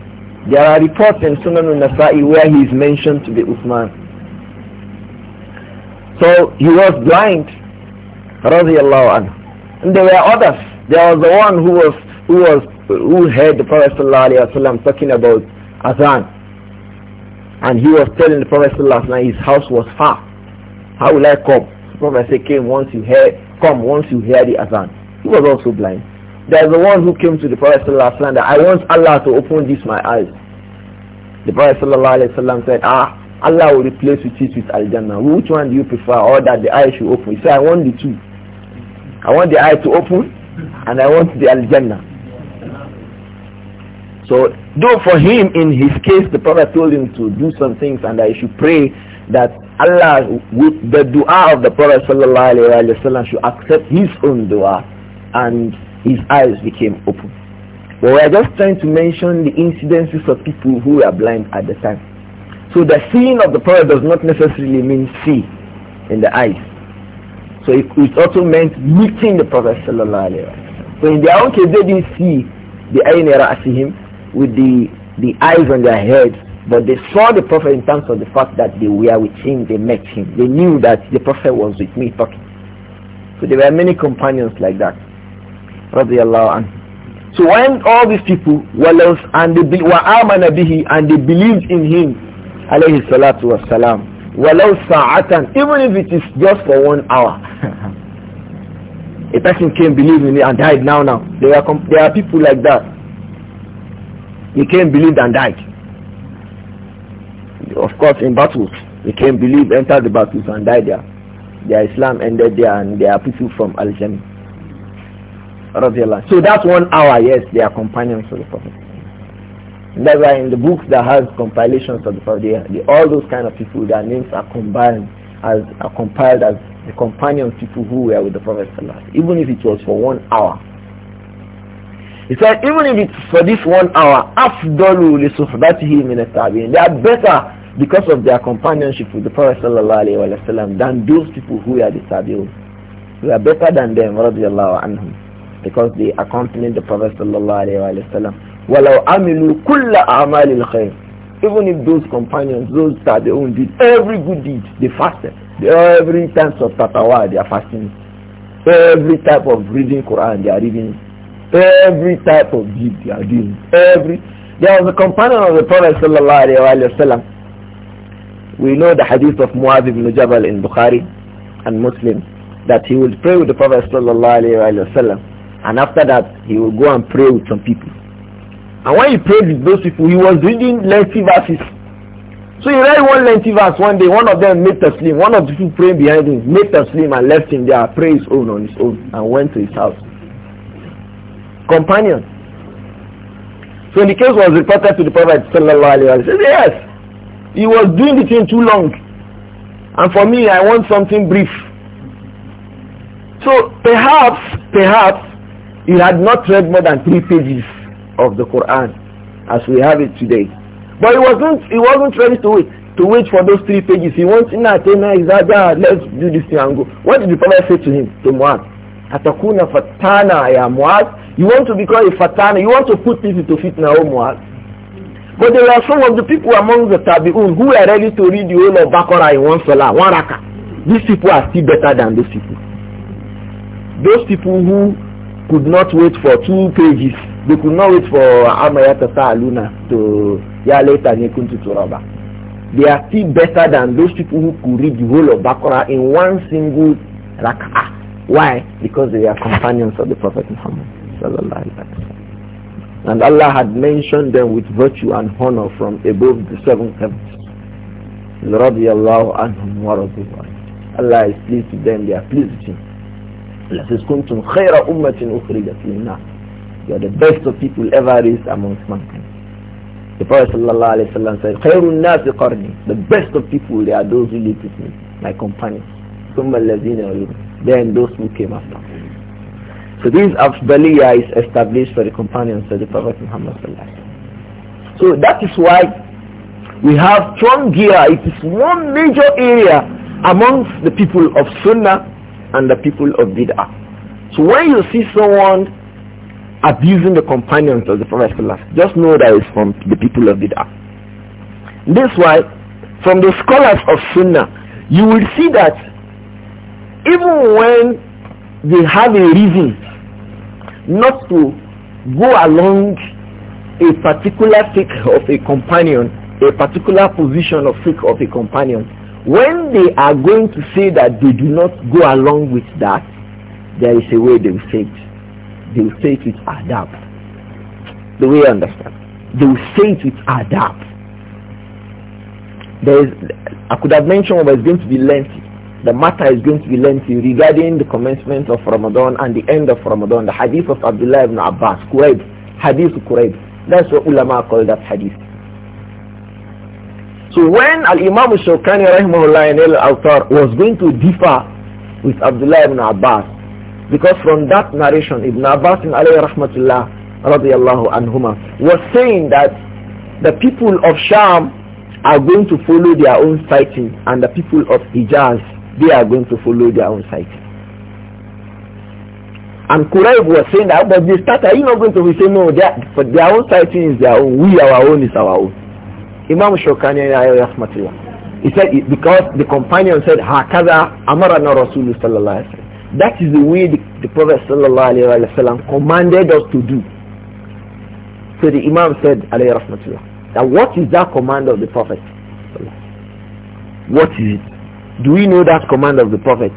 There are reports in Sunan al-Nasa'i where he is mentioned to be Usman. So he was blind, radiallahu anhu. And there were others. There was the one who was who was who heard the Prophet sallallahu alaihi wasallam talking about azan and he was telling the Prophet last night his house was far. How will I come? The Prophet said, came once you hear, come once you hear the Azan. He was also blind. There's the one who came to the Prophet last night that I want Allah to open these my eyes. The Prophet said, ah, Allah will replace with it with Al-Jannah. Which one do you prefer or that the eyes should open? He said, I want the two. I want the eye to open and I want the Al-Jannah. So though for him, in his case, the Prophet told him to do some things and I should pray that Allah, with the dua of the Prophet wasallam, should accept his own dua and his eyes became open. But we are just trying to mention the incidences of people who were blind at the time. So the seeing of the Prophet does not necessarily mean see in the eyes. So it, it also meant meeting the Prophet sallallahu So in their own case, they didn't see the ayn him with the, the eyes on their heads, but they saw the Prophet in terms of the fact that they were with him, they met him. They knew that the Prophet was with me talking. So there were many companions like that. So when all these people were lost and they were amanabihi and they believed in him, alayhi salatu wasalam, sa'atan, even if it is just for one hour. <laughs> a person came believing in it and died now now there are there are people like that he came, believed, and died. Of course, in battles, he came, believed, entered the battles, and died there. Their Islam ended there, and they are people from al So that's one hour, yes, they are companions of the Prophet. And that's why in the books that has compilations of the Prophet, they, they, all those kind of people, their names are combined as are compiled as the companions people who were with the Prophet. Even if it was for one hour, he said, even if it's for this one hour, afdalu li suhbatihi min They are better because of their companionship with the Prophet sallallahu than those people who are the tabi'un. They are better than them, radiallahu anhum, because they accompanied the Prophet sallallahu alayhi wa sallam. وَلَوْ عَمِلُوا كُلَّ أَعْمَالِ even if those companions, those Tadeon did every good deed, they fasted. Every time of tatawa, they are fasting. Every type of reading Quran, they are reading. Every type of deed are Every there was a companion of the Prophet sallallahu alayhi wasallam. We know the hadith of Muaz ibn Jabal in Bukhari and Muslim that he would pray with the Prophet sallallahu alayhi wasallam, and after that he would go and pray with some people. And when he prayed with those people, he was reading lengthy verses. So he read one lengthy verse one day. One of them made taslim. One of the people praying behind him made taslim and left him there, prayed his own on his own, and went to his house. Companion. So the case was reported to the Prophet sallallahu alaihi wasallam. Yes, he was doing the thing too long, and for me, I want something brief. So perhaps, perhaps he had not read more than three pages of the Quran as we have it today. But he wasn't he wasn't ready to wait to wait for those three pages. He wants in Atena let's do this thing and go. What did the Prophet say to him, to Muad? Atakuna fatana ya Muad you want to become a fatana, you want to put people to fitna oh, umwat. But there are some of the people among the tabi'un who are ready to read the whole of Baqarah in one salah, one raka. These people are still better than those people. Those people who could not wait for two pages. They could not wait for Amayata Aluna to Yaleta Nekuntu Turaba. They are still better than those people who could read the whole of Bakora in one single raka. Why? Because they are companions of the Prophet Muhammad. And Allah had mentioned them with virtue and honor from above the seven heavens. Allah is pleased with them, they are pleased with him. Allah says, كنتم خير أمة أخرجت You are the best of people ever raised amongst mankind. The Prophet ﷺ said, خير الناس The best of people, they are those who live with me, my companions. ثم الذين يلون. Then those who came after. So this afdaliya is established for the companions of the Prophet Muhammad So that is why we have strong gear. It is one major area amongst the people of Sunnah and the people of Bid'ah. So when you see someone abusing the companions of the Prophet Muhammad, just know that it's from the people of Bid'ah. This why from the scholars of Sunnah, you will see that even when they have a reason not to go along a particular fiqh of a companion, a particular position of fiqh of a companion, when they are going to say that they do not go along with that, there is a way they will say it. They will say it with adab. The way I understand. They will say it with adab. There is, I could have mentioned, but it's going to be lengthy the matter is going to be lengthy regarding the commencement of Ramadan and the end of Ramadan. The hadith of Abdullah ibn Abbas, Quraib, hadith Quraib. That's what ulama call that hadith. So when Al-Imam al rahimahullah in Al-Awtar was going to differ with Abdullah ibn Abbas, because from that narration, Ibn Abbas in alayhi rahmatullah radiyallahu anhuma was saying that the people of Sham are going to follow their own fighting and the people of Hijaz they are going to follow their own sight. And Quraib was saying that, but they start, are you not going to be saying, no, are, but their own sighting is their own, we, our own is our own. Imam Shokani, rahmatullah, he said, it, because the companion said, Hakaza amarana Rasulullah sallallahu alayhi wa That is the way the, the Prophet sallallahu alayhi wa sallam commanded us to do. So the Imam said, alayhi rahmatullah, that what is that command of the Prophet? What is it? Do we know that command of the Prophet?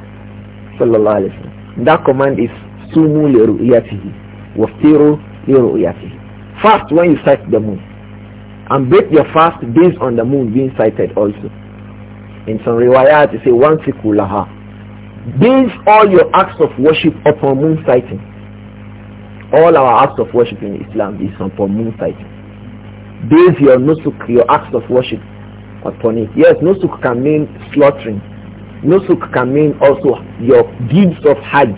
That command is Sumu liru'yatihi. Waftiru liru'yatihi. Fast when you sight the moon. And break your fast based on the moon being sighted also. In some riwayat, it say one sikulaha. Base all your acts of worship upon moon sighting. All our acts of worship in Islam is upon moon sighting. Base your nusuk, your acts of worship upon it. Yes, nusuk can mean slaughtering. Nusuk can mean also your deeds of Hajj.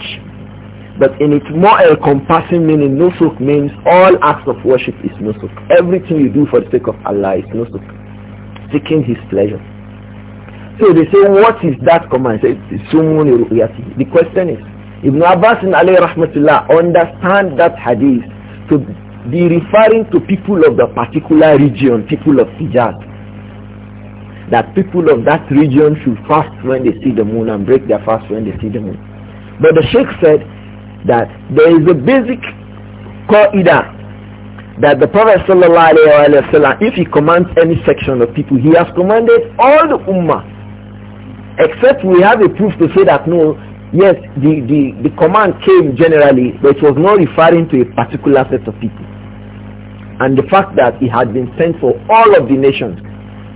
But in its more encompassing meaning, Nusuk means all acts of worship is Nusuk. Everything you do for the sake of Allah is Nusuk. Seeking His pleasure. So they say, what is that command? Say, the question is, Ibn Abbas and Ali Rahmatullah understand that hadith to be referring to people of the particular region, people of Hijaz that people of that region should fast when they see the moon and break their fast when they see the moon. But the Sheikh said that there is a basic qaida that the Prophet wasallam, if he commands any section of people, he has commanded all the ummah. Except we have a proof to say that no, yes, the, the, the command came generally, but it was not referring to a particular set of people. And the fact that it had been sent for all of the nations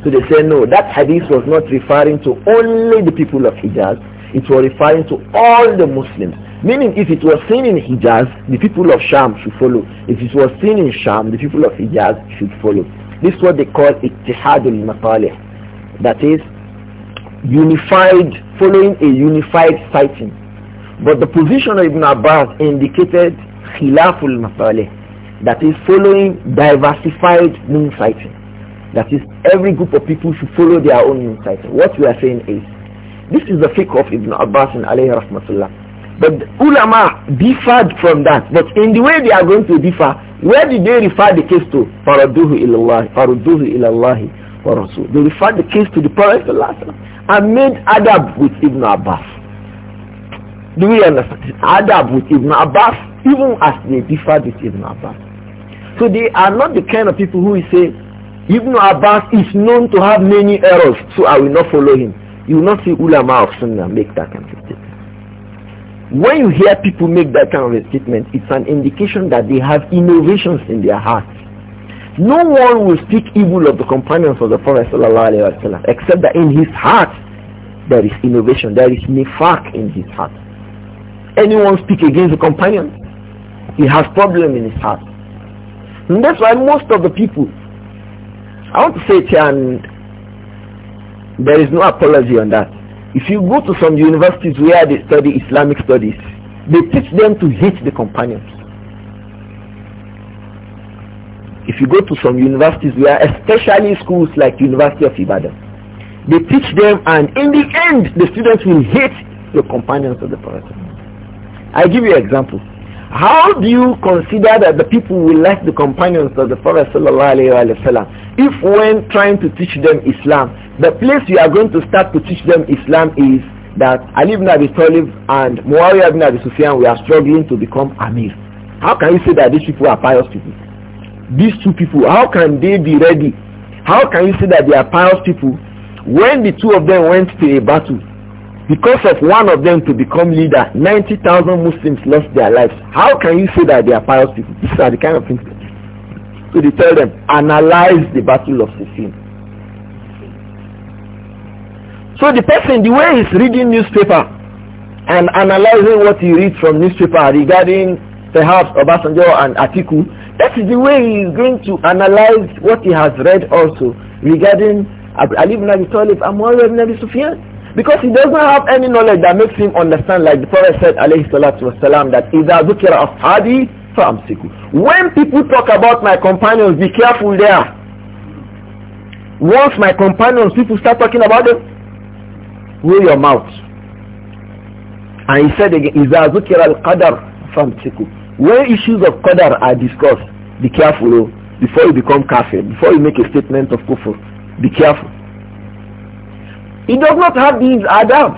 so they say, no, that hadith was not referring to only the people of Hijaz. It was referring to all the Muslims. Meaning, if it was seen in Hijaz, the people of Sham should follow. If it was seen in Sham, the people of Hijaz should follow. This is what they call ittihadul matalih. That is, unified, following a unified sighting. But the position of Ibn Abbas indicated khilaful matalih. That is, following diversified moon sighting. That is, every group of people should follow their own insight. What we are saying is, this is the fiqh of Ibn Abbas and alayhi rahmatullah. But ulama differed from that. But in the way they are going to differ, where did they refer the case to? فَرَدُّهُ إِلَى اللَّهِ فَرَدُّهُ إِلَى اللَّهِ They referred the case to the Prophet and made adab with Ibn Abbas. Do we understand? Adab with Ibn Abbas, even as they differed with Ibn Abbas. So they are not the kind of people who say, Ibn Abbas is known to have many errors, so I will not follow him. You will not see ulama of sunnah make that kind of statement. When you hear people make that kind of statement, it's an indication that they have innovations in their hearts. No one will speak evil of the companions of the Prophet wasallam, except that in his heart there is innovation, there is nifaq in his heart. Anyone speak against the companion, he has problem in his heart. And that's why most of the people I want to say it and there is no apology on that. If you go to some universities where they study Islamic studies, they teach them to hate the companions. If you go to some universities where, especially schools like University of Ibadan, they teach them and in the end the students will hate the companions of the Prophet. I give you an example. How do you consider that the people will like the companions of the Prophet wasallam? If when trying to teach them Islam, the place you are going to start to teach them Islam is that Ali ibn Abi Talib and Muawiyah ibn Abi Sufyan were struggling to become Amir. How can you say that these people are pious people? These two people, how can they be ready? How can you say that they are pious people when the two of them went to a battle because of one of them to become leader, 90,000 Muslims lost their lives. How can you say that they are pious people? These are the kind of things. So they tell them, analyze the battle of Sicily. So the person, the way he's reading newspaper and analyzing what he reads from newspaper regarding perhaps Obasanjo and Atiku, that is the way he is going to analyze what he has read also regarding Ali ibn Abi Talib and Muawiyah ibn Abi Sufyan. Because he does not have any knowledge that makes him understand like the Prophet said alayhi salatu wasalam that إِذَا ذُكِرَ from فَأَمْسِكُ When people talk about my companions, be careful there. Once my companions, people start talking about them, wear your mouth. And he said again, al ذُكِرَ from فَأَمْسِكُ When issues of qadar are discussed, be careful oh, before you become kafir, before you make a statement of kufr. Be careful. He does not have these adab.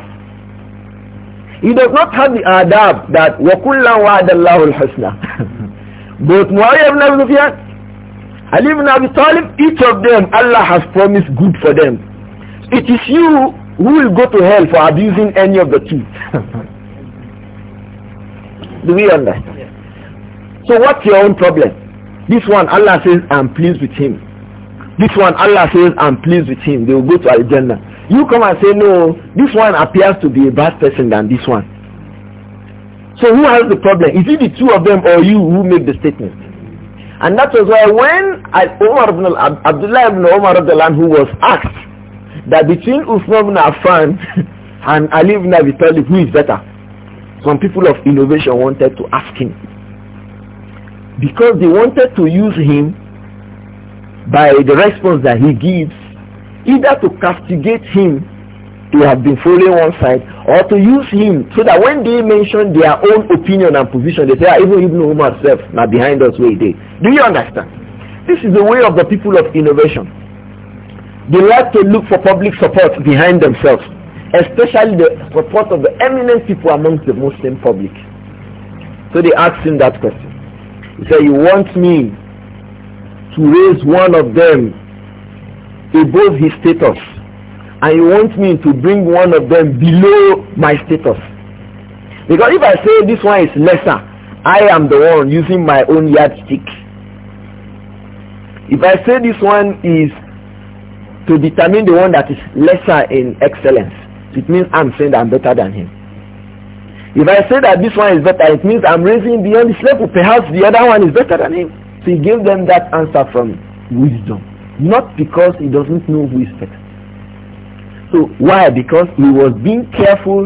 He does not have the adab that وَكُلًّا وَعَدَ اللَّهُ الْحُسْنَى <laughs> Both Muawiyah ibn Abi Sufyan, Ali ibn Abi Talib, each of them Allah has promised good for them. It is you who will go to hell for abusing any of the two. <laughs> Do we understand? So what's your own problem? This one Allah says I'm pleased with him. This one Allah says I'm pleased with him. They will go to Al-Jannah. You come and say, no, this one appears to be a bad person than this one. So who has the problem? Is it the two of them or you who make the statement? And that was why when Umar ibn al Abdullah ibn Umar who was asked that between Uthman ibn Affan <laughs> and Ali ibn Abi Talib, who is better? Some people of innovation wanted to ask him. Because they wanted to use him by the response that he gives either to castigate him to have been following one side or to use him so that when they mention their own opinion and position they say ah even Ibn Umar self now behind us where they. do you understand this is the way of the people of innovation they like to look for public support behind themselves especially the support of the eminent people amongst the Muslim public so they asked him that question he said you want me to raise one of them above his status and he wants me to bring one of them below my status. Because if I say this one is lesser, I am the one using my own yardstick. If I say this one is to determine the one that is lesser in excellence, it means I'm saying I'm better than him. If I say that this one is better, it means I'm raising beyond this level. Perhaps the other one is better than him. So he gave them that answer from wisdom. Not because he doesn't know who is first. So why? Because he was being careful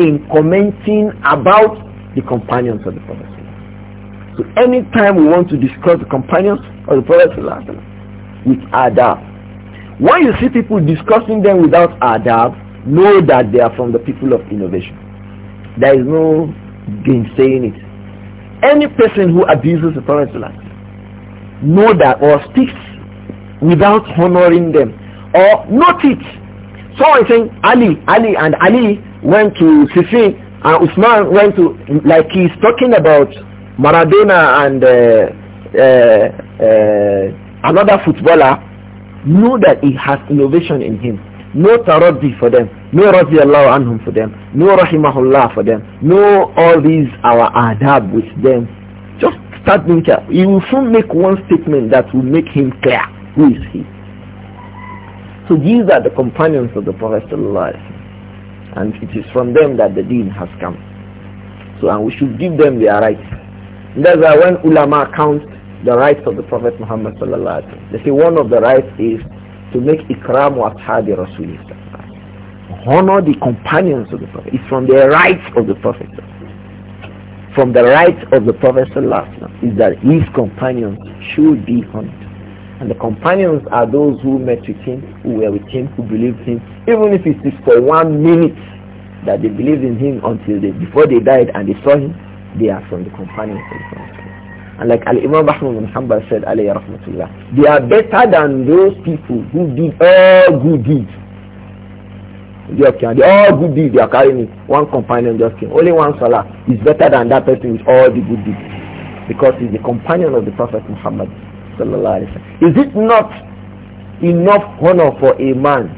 in commenting about the companions of the Prophet. So anytime we want to discuss the companions of the Prophet with adab, when you see people discussing them without adab, know that they are from the people of innovation. There is no gainsaying it. Any person who abuses the Prophet know that or speaks without honoring them or not it. So I think Ali, Ali and Ali went to Sisi and Usman went to, like he's talking about Maradona and uh, uh, uh, another footballer, know that he has innovation in him. No taraddi for them. No radiyallahu anhum for them. No rahimahullah for them. No all these our adab with them. Just start being careful. You will soon make one statement that will make him clear. Who is he? So these are the companions of the Prophet and it is from them that the deen has come. So and we should give them their rights. That's why when ulama count the rights of the Prophet Muhammad sallallahu they say one of the rights is to make ikram wa ashabi rasulillah. Honor the companions of the Prophet. It's from the rights of the Prophet. From the rights of the Prophet sallallahu is that his companions should be honored. And the companions are those who met with him, who were with him, who believed him, even if it is for one minute that they believed in him until they, before they died and they saw him, they are from the companions of the Prophet. And like Al Imam Ahmad bin said, rahmatullah, they are better than those people who did all good deeds. They all good deeds, they are carrying it. One companion just came. Only one salah is better than that person with all the good deeds. Because he's the companion of the Prophet Muhammad is it not enough honor for a man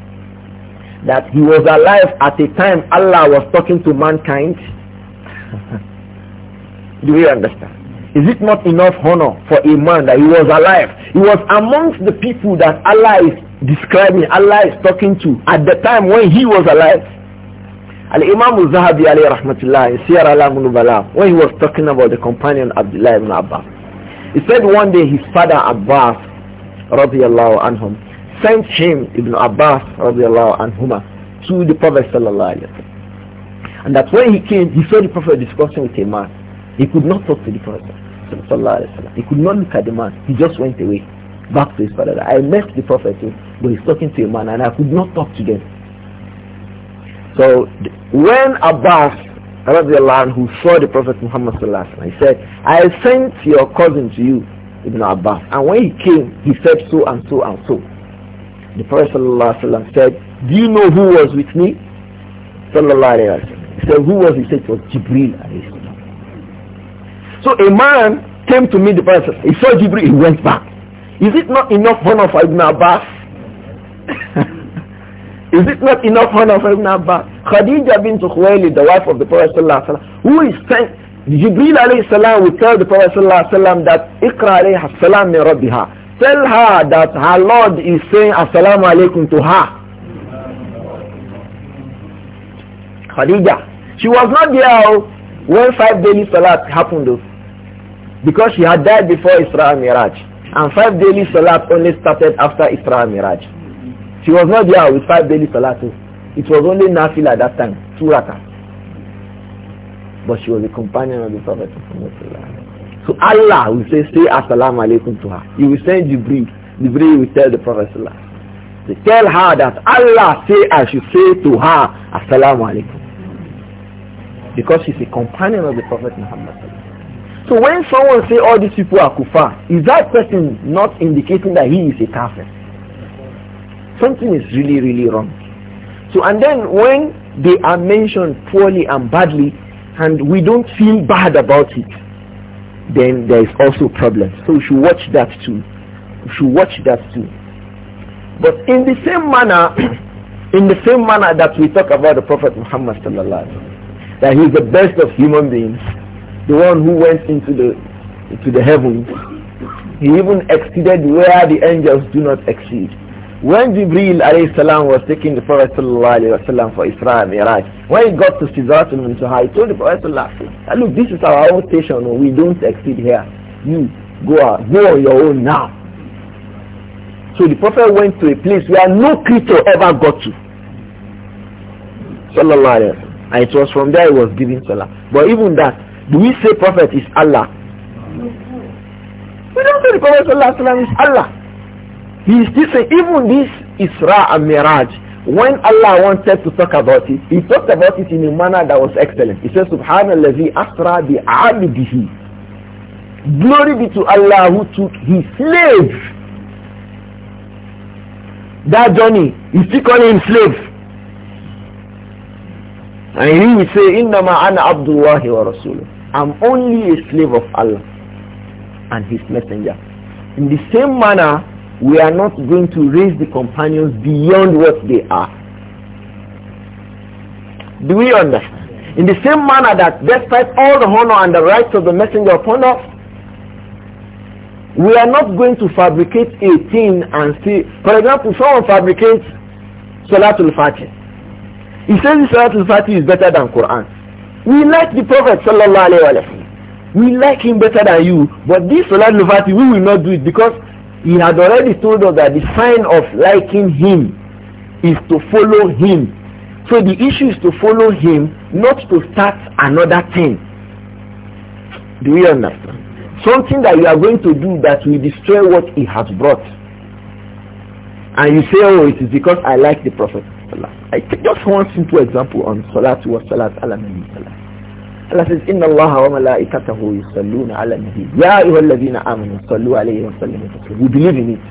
that he was alive at the time Allah was talking to mankind? <laughs> Do you understand? Is it not enough honor for a man that he was alive? He was amongst the people that Allah is describing, Allah is talking to at the time when he was alive. Al-Imam al-Zahabi alayhi rahmatullah in Sierra al when he was talking about the companion Abdullah ibn Abbas he said one day his father Abbas anhum sent him, Ibn Abbas radiallahu anhuma, to the Prophet sallallahu And that when he came, he saw the Prophet discussing with a man. He could not talk to the Prophet He could not look at the man. He just went away back to his father. I met the Prophet but he's talking to a man and I could not talk to them. So when Abbas who saw the Prophet Muhammad sallallahu alaihi wasallam. He said, I sent your cousin to you, Ibn Abbas. And when he came, he said so and so and so. The Prophet sallallahu alaihi wasallam said, Do you know who was with me? Sallallahu alaihi wasallam. He said, Who was? He said, It was Jibril So a man came to meet the Prophet. He saw Jibril. He went back. Is it not enough one of Ibn Abbas? <laughs> Is it not enough honor for Ibn Abbas? Khadija bint Khuwaylid, the wife of the Prophet sallallahu alaihi wasallam, who is sent, Jibril alayhi salam will tell the Prophet sallallahu alaihi wasallam that Iqra alayhi salam min rabbiha. Tell her that her Lord is saying assalamu alaikum to her. Khadija. She was not there oh, when five daily salat happened oh, because she had died before Isra Miraj and five daily salat only started after Isra Miraj. She was not there with five daily salatul. It was only Nafila at that time, two rakat. But she was a companion of the Prophet So Allah will say, say assalamu alaikum to her. He will send Jibreel. Jibreel will tell the Prophet They tell her that Allah say I should say to her assalamu alaikum. Because she's a companion of the Prophet Muhammad So when someone say all these people are kuffar, is that person not indicating that he is a kafir? something is really, really wrong. So and then when they are mentioned poorly and badly and we don't feel bad about it, then there is also problem. So we should watch that too. We should watch that too. But in the same manner, <clears throat> in the same manner that we talk about the Prophet Muhammad sallallahu alaihi that he's the best of human beings, the one who went into the into the heavens, he even exceeded where the angels do not exceed. When Jibril salam was taking the Prophet wasallam for Isra and Miraj, when he got to Sidratul Muntaha, he told the Prophet wasallam, look, this is our own station, we don't exceed here. You go out, go on your own now. So the Prophet went to a place where no creature ever got to. Sallallahu alayhi wa And it was from there he was giving salah. But even that, do we say Prophet is Allah? We don't say the Prophet sallallahu alayhi wa is Allah. He is still saying, even this Isra and Miraj, when Allah wanted to talk about it, he talked about it in a manner that was excellent. He says, Subhanallah, Asra bi abidihi. Glory be to Allah who took his slave. That journey, he's still calling him slave. And he will say, Innama ana abdullahi wa rasuluh. I'm only a slave of Allah and his messenger. In the same manner, we are not going to raise the companions beyond what they are. Do we understand? In the same manner that despite all the honor and the rights of the messenger upon us, we are not going to fabricate a thing and say, for example, someone fabricates Salatul Fatih. He says Salatul Fatih is better than Quran. We like the Prophet Sallallahu Alaihi Wasallam. We like him better than you, but this Salatul Fatih, we will not do it because he had already told us that the sign of liking him is to follow him. So the issue is to follow him, not to start another thing. Do you understand? Something that you are going to do that will destroy what he has brought. And you say, oh, it is because I like the Prophet. I take just one simple example on Salat was Salat Allah Allah says, Inna Allah wa malaikatahu yusalluna ala nabi. Ya ayyuhalladhina amanu sallu alayhi wa sallimu We believe in it.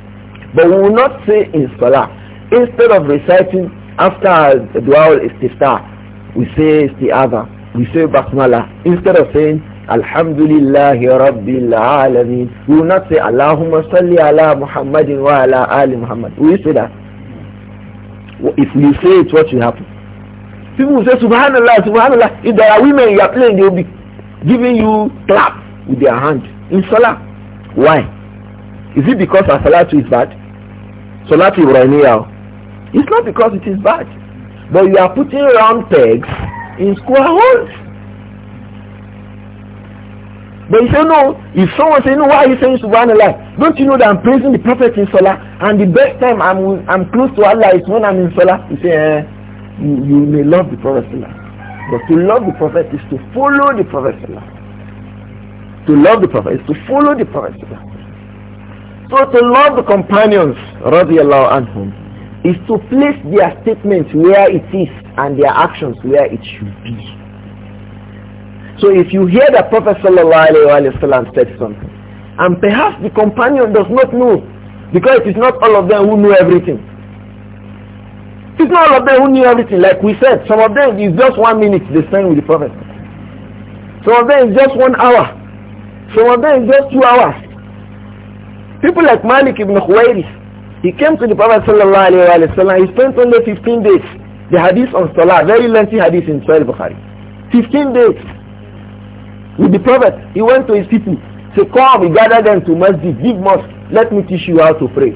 But we will not say in salah. Instead of reciting after the dua al-istiftah, we say isti'adha, we say basmala. Instead of saying Alhamdulillah Rabbil alamin, we will not say Allahumma salli ala Muhammadin wa ala ali Muhammad. We say that. If we say it, what will happen? People will say, Subhanallah, Subhanallah. If there are women you are playing, they will be giving you clap with their hand in Salah. Why? Is it because our Salatu is bad? Salatu Ibrahimiyah. It's not because it is bad. But you are putting round pegs in square holes. But you say no. If someone say no, why are you saying Subhanallah? Don't you know that I'm praising the Prophet in Salah? And the best time I'm I'm close to Allah is when I'm in Salah. You say eh you may love the Prophet but to love the Prophet is to follow the Prophet to love the Prophet is to follow the Prophet so to love the companions radiallahu anhum is to place their statements where it is and their actions where it should be so if you hear the Prophet sallallahu said something and perhaps the companion does not know because it is not all of them who know everything it's not all of them who knew everything. Like we said, some of them is just one minute they spend with the Prophet. Some of them is just one hour. Some of them is just two hours. People like Malik ibn Khuwairis, he came to the Prophet sallallahu alayhi wa sallam, he spent only 15 days. The hadith on Salah, very lengthy hadith in Sahih Bukhari. 15 days with the Prophet. He went to his people. Say, come, we gather them to masjid, big mosque. Let me teach you how to pray.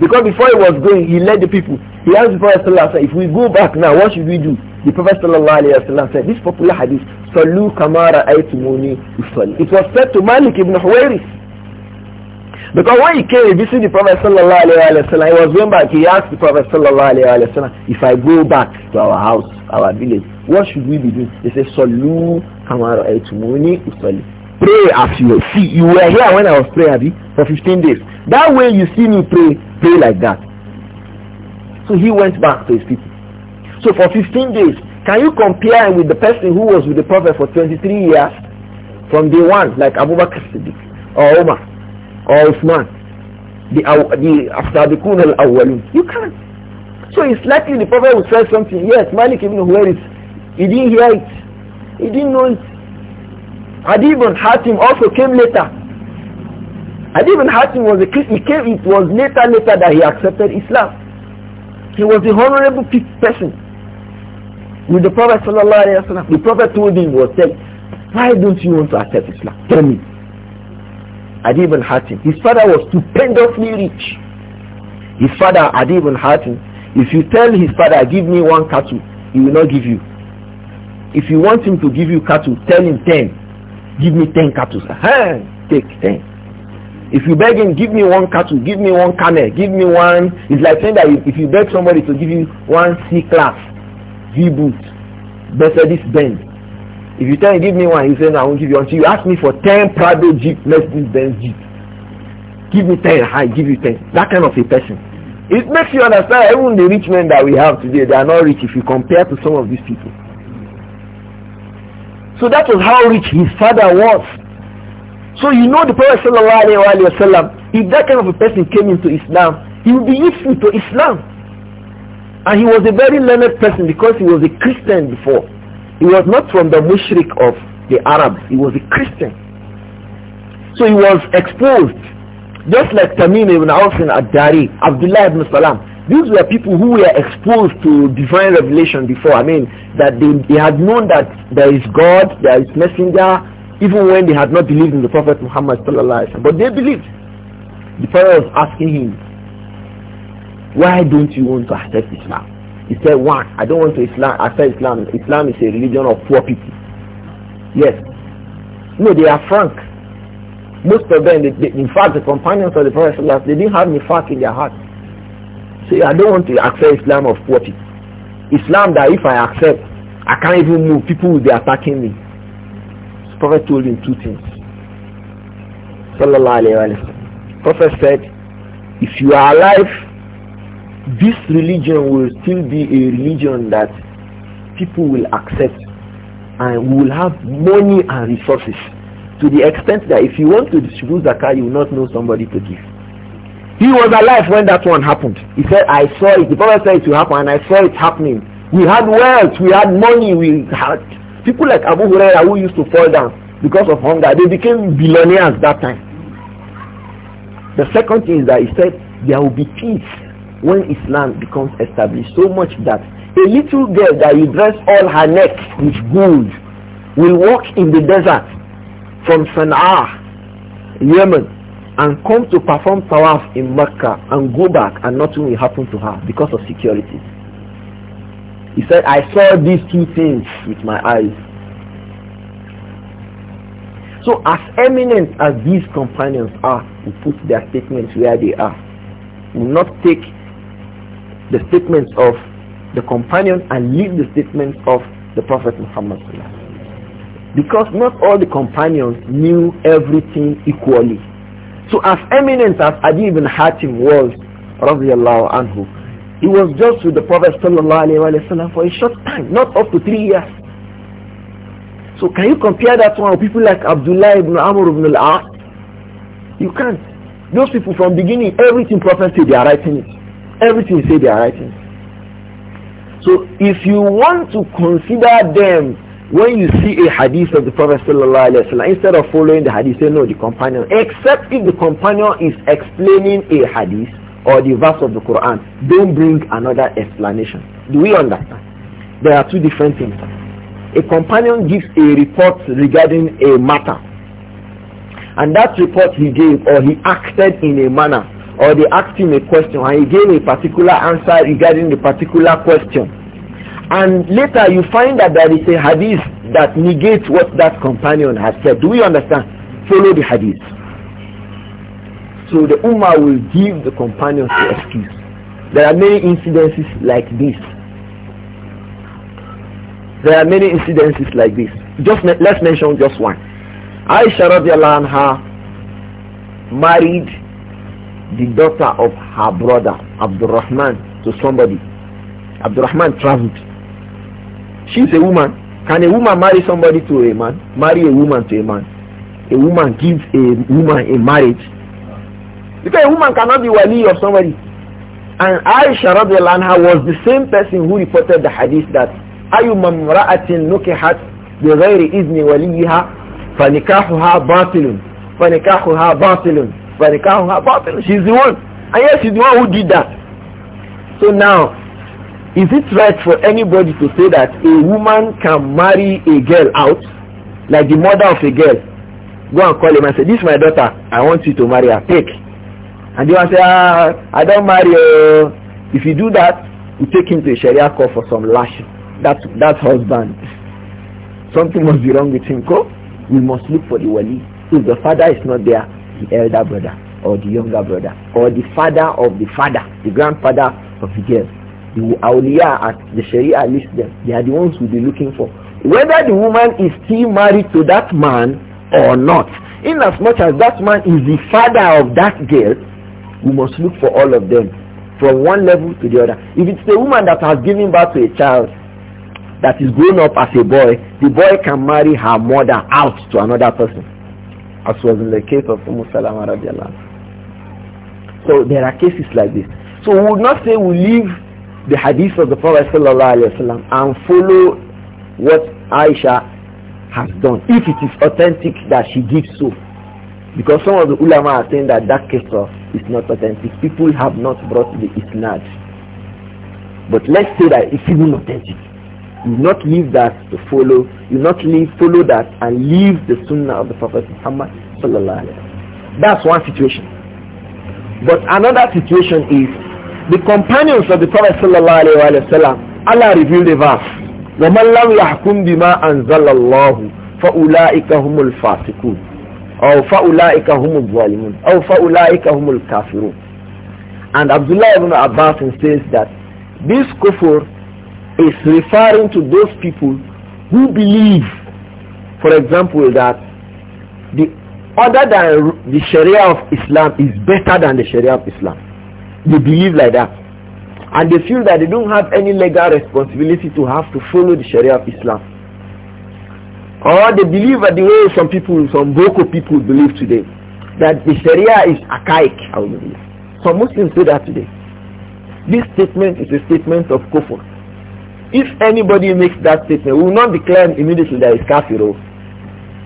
Because before he was going, he led the people. He asked the Prophet Sallallahu if we go back now, what should we do? The Prophet Sallallahu said, this popular hadith, Salu kamara aitumuni It was said to Malik ibn Huwairis. Because when he came, he visited the Prophet Sallallahu he was going back, he asked the Prophet Sallallahu if I go back to our house, our village, what should we be doing? He said, Salu kamara aitumuni Pray as you see. You were here when I was praying, Abi, for 15 days. That way you see me pray, pray like that. So he went back to his people. So for 15 days, can you compare with the person who was with the Prophet for 23 years from day one, like Abu Bakr Siddiq or Omar or Uthman, the, the Afsadikun al-Awwalun? You can't. So it's likely the Prophet would say something. Yes, Malik ibn Huwairis, he didn't hear it. He didn't know it. Adib and Hatim also came later. And even Hatim was a he came, it was later, later that he accepted Islam. He was a honorable person. With the Prophet sallallahu the Prophet told him, was said, why don't you want to accept Islam? Tell me. Adi ibn Hatim, his father was stupendously rich. His father, Adi ibn Hatim, if you tell his father, give me one cattle, he will not give you. If you want him to give you cattle, tell him ten. Give me ten cattle. Take ten if you beg him, give me one cattle, give me one camel, give me one... It's like saying that if you beg somebody to give you one C-class, V-boot, Mercedes Benz, if you tell him, give me one, he said no, I won't give you until you ask me for 10 Prado Jeep, Mercedes Benz Jeep. Give me 10, I give you 10. That kind of a person. It makes you understand, even the rich men that we have today, they are not rich if you compare to some of these people. So that was how rich his father was. So you know the Prophet sallallahu alayhi wa if that kind of a person came into Islam, he would be useful to Islam. And he was a very learned person because he was a Christian before. He was not from the mushrik of the Arabs. He was a Christian. So he was exposed. Just like Tamim ibn Awsin ad-Dari, Abdullah ibn Salam. These were people who were exposed to divine revelation before. I mean, that they, they had known that there is God, there is messenger, even when they had not believed in the Prophet Muhammad but they believed. The Prophet was asking him, why don't you want to accept Islam? He said, "Why? I don't want to Islam, accept Islam. Islam is a religion of poor people. Yes. No, they are frank. Most of them, they, they, in fact, the companions of the Prophet they didn't have any fact in their heart. So I don't want to accept Islam of poor people. Islam that if I accept, I can't even move. People will be attacking me. Prophet told him two things. Sallallahu alayhi wa Prophet said, if you are alive, this religion will still be a religion that people will accept and will have money and resources to the extent that if you want to distribute zakat, you will not know somebody to give. He was alive when that one happened. He said, I saw it. The prophet said it will happen, and I saw it happening. We had wealth, we had money, we had People like Abu Huraira who used to fall down because of hunger, they became billionaires that time. The second thing is that he said there will be peace when Islam becomes established so much that a little girl that will dress all her neck with gold will walk in the desert from Sana'a, Yemen, and come to perform tawaf in Mecca and go back and nothing will happen to her because of security. He said, I saw these two things with my eyes. So as eminent as these companions are, we put their statements where they are. We will not take the statements of the companion and leave the statements of the Prophet Muhammad. Because not all the companions knew everything equally. So as eminent as Adi ibn Hatim was, radiallahu anhu, he was just with the Prophet for a short time, not up to three years. So can you compare that one with people like Abdullah ibn Amr ibn al-As? You can't. Those people from beginning, everything Prophet said they are writing it. Everything said they are writing it. So if you want to consider them when you see a hadith of the Prophet ﷺ, instead of following the hadith, say no, the companion. Except if the companion is explaining a hadith or the verse of the Quran, don't bring another explanation. Do we understand? There are two different things. A companion gives a report regarding a matter. And that report he gave or he acted in a manner or they asked him a question and he gave a particular answer regarding the particular question. And later you find that there is a hadith that negates what that companion has said. Do we understand? Follow the hadith. So the Ummah will give the companions the excuse. There are many incidences like this. There are many incidences like this. Just let's mention just one. Aisha radiallahu anha married the daughter of her brother Rahman to somebody. Rahman traveled. She's a woman. Can a woman marry somebody to a man? Marry a woman to a man? A woman gives a woman a marriage because a woman cannot be wali of somebody. And Aisha radiallahu anha was the same person who reported the hadith that أَيُمَّ امْرَأَةٍ نُكِحَتْ بِغَيْرِ إِذْنِ وَلِيِّهَا فَنِكَاحُهَا بَاطِلٌ فَنِكَاحُهَا بَاطِلٌ فَنِكَاحُهَا بَاطِلٌ She's the one. And yes, she's the one who did that. So now, is it right for anybody to say that a woman can marry a girl out, like the mother of a girl? Go and call him and say, this is my daughter. I want you to marry her. Take. And they will say, ah, I don't marry you. If you do that, you take him to a Sharia court for some lashing. That, that husband. <laughs> Something must be wrong with him. Go. We must look for the wali. If the father is not there, the elder brother or the younger brother or the father of the father, the grandfather of the girl. The awliya at the Sharia list them. They are the ones we'll be looking for. Whether the woman is still married to that man or not, in as much as that man is the father of that girl, we must look for all of them from one level to the other. If it's a woman that has given birth to a child that is grown up as a boy, the boy can marry her mother out to another person, as was in the case of Umm Salama So there are cases like this. So we would not say we leave the hadith of the Prophet wasallam and follow what Aisha has done, if it is authentic that she gives so. Because some of the ulama are saying that that case is not authentic. People have not brought the isnad. But let's say that it's even authentic. You not leave that to follow. You not leave follow that and leave the sunnah of the Prophet Muhammad sallallahu alaihi wasallam. That's one situation. But another situation is the companions of the Prophet sallallahu alaihi wasallam. Allah revealed the verse. وَمَنْ لَمْ يَحْكُمْ بِمَا أَنْزَلَ اللَّهُ فَأُولَٰئِكَ هُمُ الْفَاسِقُونَ أو فأولئك هم الظالمون أو فأولئك هم الكافرون and Abdullah ibn Abbas says that this kufr is referring to those people who believe for example that the other than the Sharia of Islam is better than the Sharia of Islam they believe like that and they feel that they don't have any legal responsibility to have to follow the Sharia of Islam or they believe that the way some people, some Boko people believe today, that the Sharia is archaic. Some Muslims say that today. This statement is a statement of kufr. If anybody makes that statement, we will not declare immediately that he's kafir. Oh.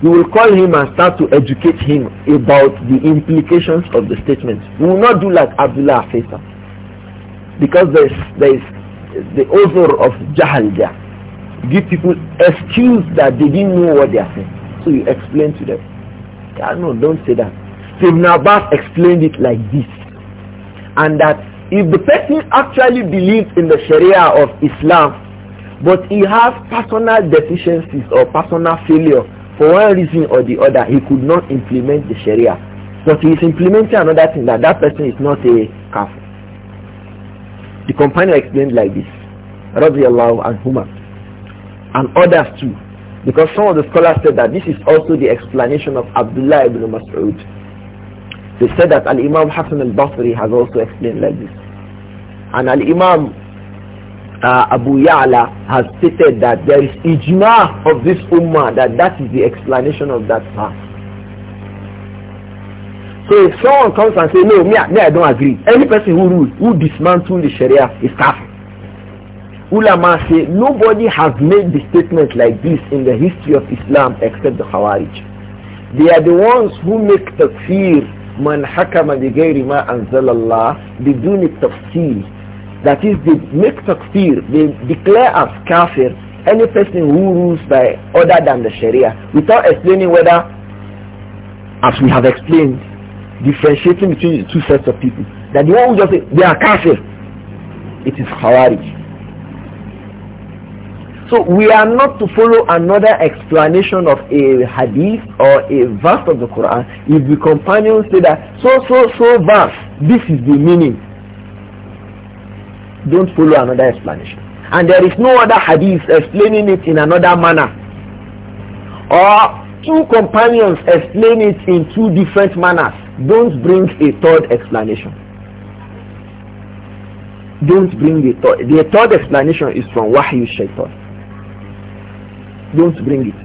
We will call him and start to educate him about the implications of the statement. We will not do like Abdullah Faisal. Because there is, there is the author of Jahal there give people excuse that they didn't know what they are saying. So you explain to them. no, don't say that. So nabat Abbas explained it like this. And that if the person actually believes in the Sharia of Islam, but he has personal deficiencies or personal failure for one reason or the other, he could not implement the Sharia. But he is implementing another thing that that person is not a kafir. The companion explained like this. رضي الله and others too. Because some of the scholars said that this is also the explanation of Abdullah ibn Mas'ud. They said that Al-Imam Hassan al-Basri has also explained like this. And Al-Imam uh, Abu Ya'la has stated that there is ijma of this ummah, that that is the explanation of that verse. So if someone comes and say, no, me, me I don't agree. Any person who rules, who dismantles the Sharia is kafir. Ulama say nobody has made the statement like this in the history of Islam except the Khawarij. They are the ones who make takfir man hakama bighayri ma anzalallah biduni tafsir. That is, they make takfir, they declare as kafir any person who rules by other than the Sharia without explaining whether, as we have explained, differentiating between the two sets of people. That the one who just say, they are kafir, it is Khawarij. So we are not to follow another explanation of a hadith or a verse of the Quran if the companions say that so so so verse, this is the meaning. Don't follow another explanation. And there is no other hadith explaining it in another manner. Or two companions explain it in two different manners. Don't bring a third explanation. Don't bring a third. The third explanation is from Wahyu Shaitan don't bring it.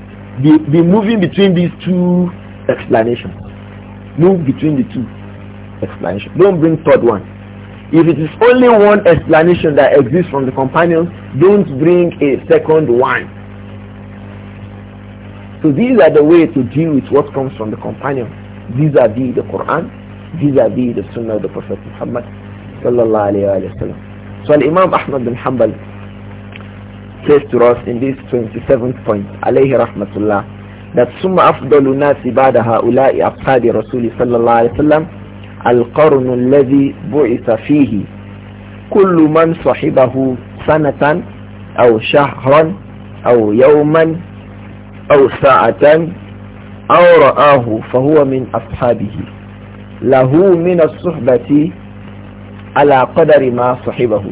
Be, be moving between these two explanations. Move between the two explanations. Don't bring third one. If it is only one explanation that exists from the companions, don't bring a second one. So these are the way to deal with what comes from the companion vis-à-vis the Quran, vis-à-vis the Sunnah of the Prophet Muhammad sallallahu alayhi wa sallam. So Imam Ahmad bin Hanbal says to us in this 27th point, alayhi rahmatullah, that summa afdalu بعد هؤلاء ha'ula'i ashabi rasuli sallallahu alayhi wasallam القرن الذي بعث فيه كل من صحبه سنة أو شهرا أو يوما أو ساعة أو رآه فهو من أصحابه له من الصحبة على قدر ما صحبه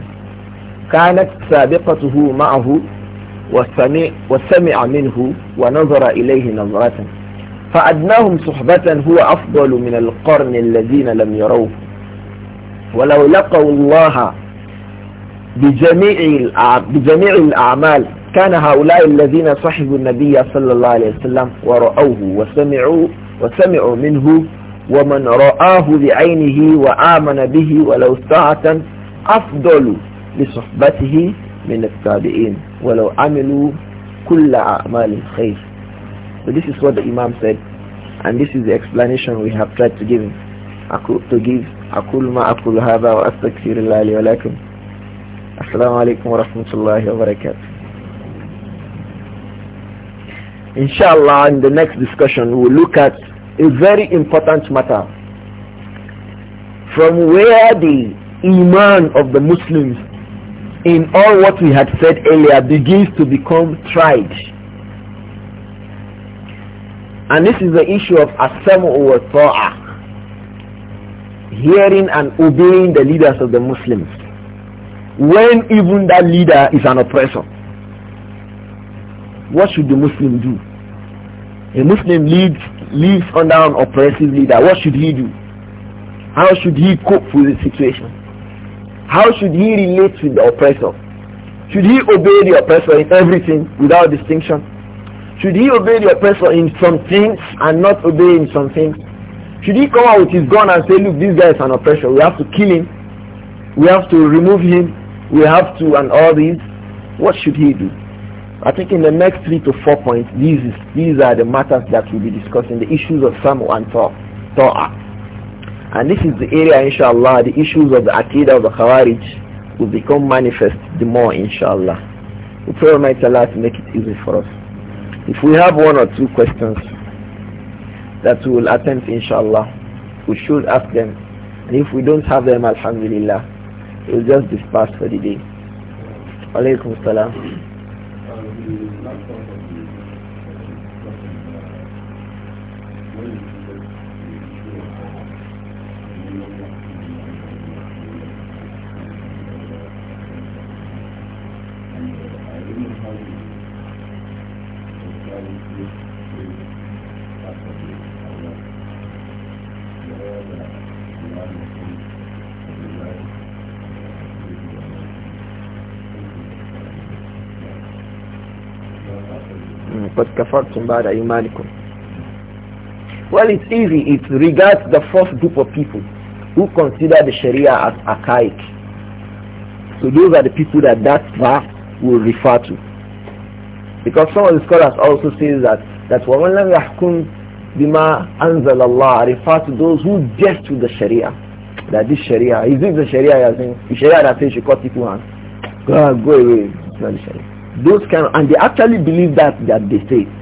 كانت سابقته معه وسمع, وسمع منه ونظر إليه نظرة فأدناهم صحبة هو أفضل من القرن الذين لم يروه ولو لقوا الله بجميع بجميع الأعمال كان هؤلاء الذين صحبوا النبي صلى الله عليه وسلم ورأوه وسمعوا وسمعوا منه ومن رآه بعينه وآمن به ولو ساعة أفضل لصحبته من التابعين ولو عملوا كل أعمال الخير So this is what the Imam said and this is the explanation we have tried to give to give أقول ما أقول هذا وأستغفر الله لي ولكم السلام عليكم ورحمة الله وبركاته Inshallah in the next discussion we'll look at a very important matter from where the Iman of the Muslims in all what we had said earlier begins to become tried. And this is the issue of asamu wa Hearing and obeying the leaders of the Muslims. When even that leader is an oppressor. What should the Muslim do? A Muslim leads, lives under an oppressive leader. What should he do? How should he cope with the situation? How should he relate with the oppressor? Should he obey the oppressor in everything without distinction? Should he obey the oppressor in some things and not obey in some things? Should he come out with his gun and say, look, this guy is an oppressor. We have to kill him. We have to remove him. We have to and all these. What should he do? I think in the next three to four points, these, is, these are the matters that we'll be discussing, the issues of Samu and act. And this is the area, inshallah, the issues of the Aqidah of the Khawarij will become manifest the more, inshallah. We pray Almighty Allah to make it easy for us. If we have one or two questions that we will attempt, inshallah, we should ask them. And if we don't have them, alhamdulillah, we'll just disperse for the day. Alaykum salam. Well, it's easy. It regards the first group of people who consider the Sharia as archaic. So those are the people that that verse will refer to. Because some of the scholars also say that that وَمَنْ لَمْ يَحْكُمْ bima anzal Allah refer to those who jest with the Sharia. That this Sharia, is this the Sharia you are saying? The Sharia that says you cut people hands. Go, go away. It's not the Sharia. Those kind of, and they actually believe that that they say.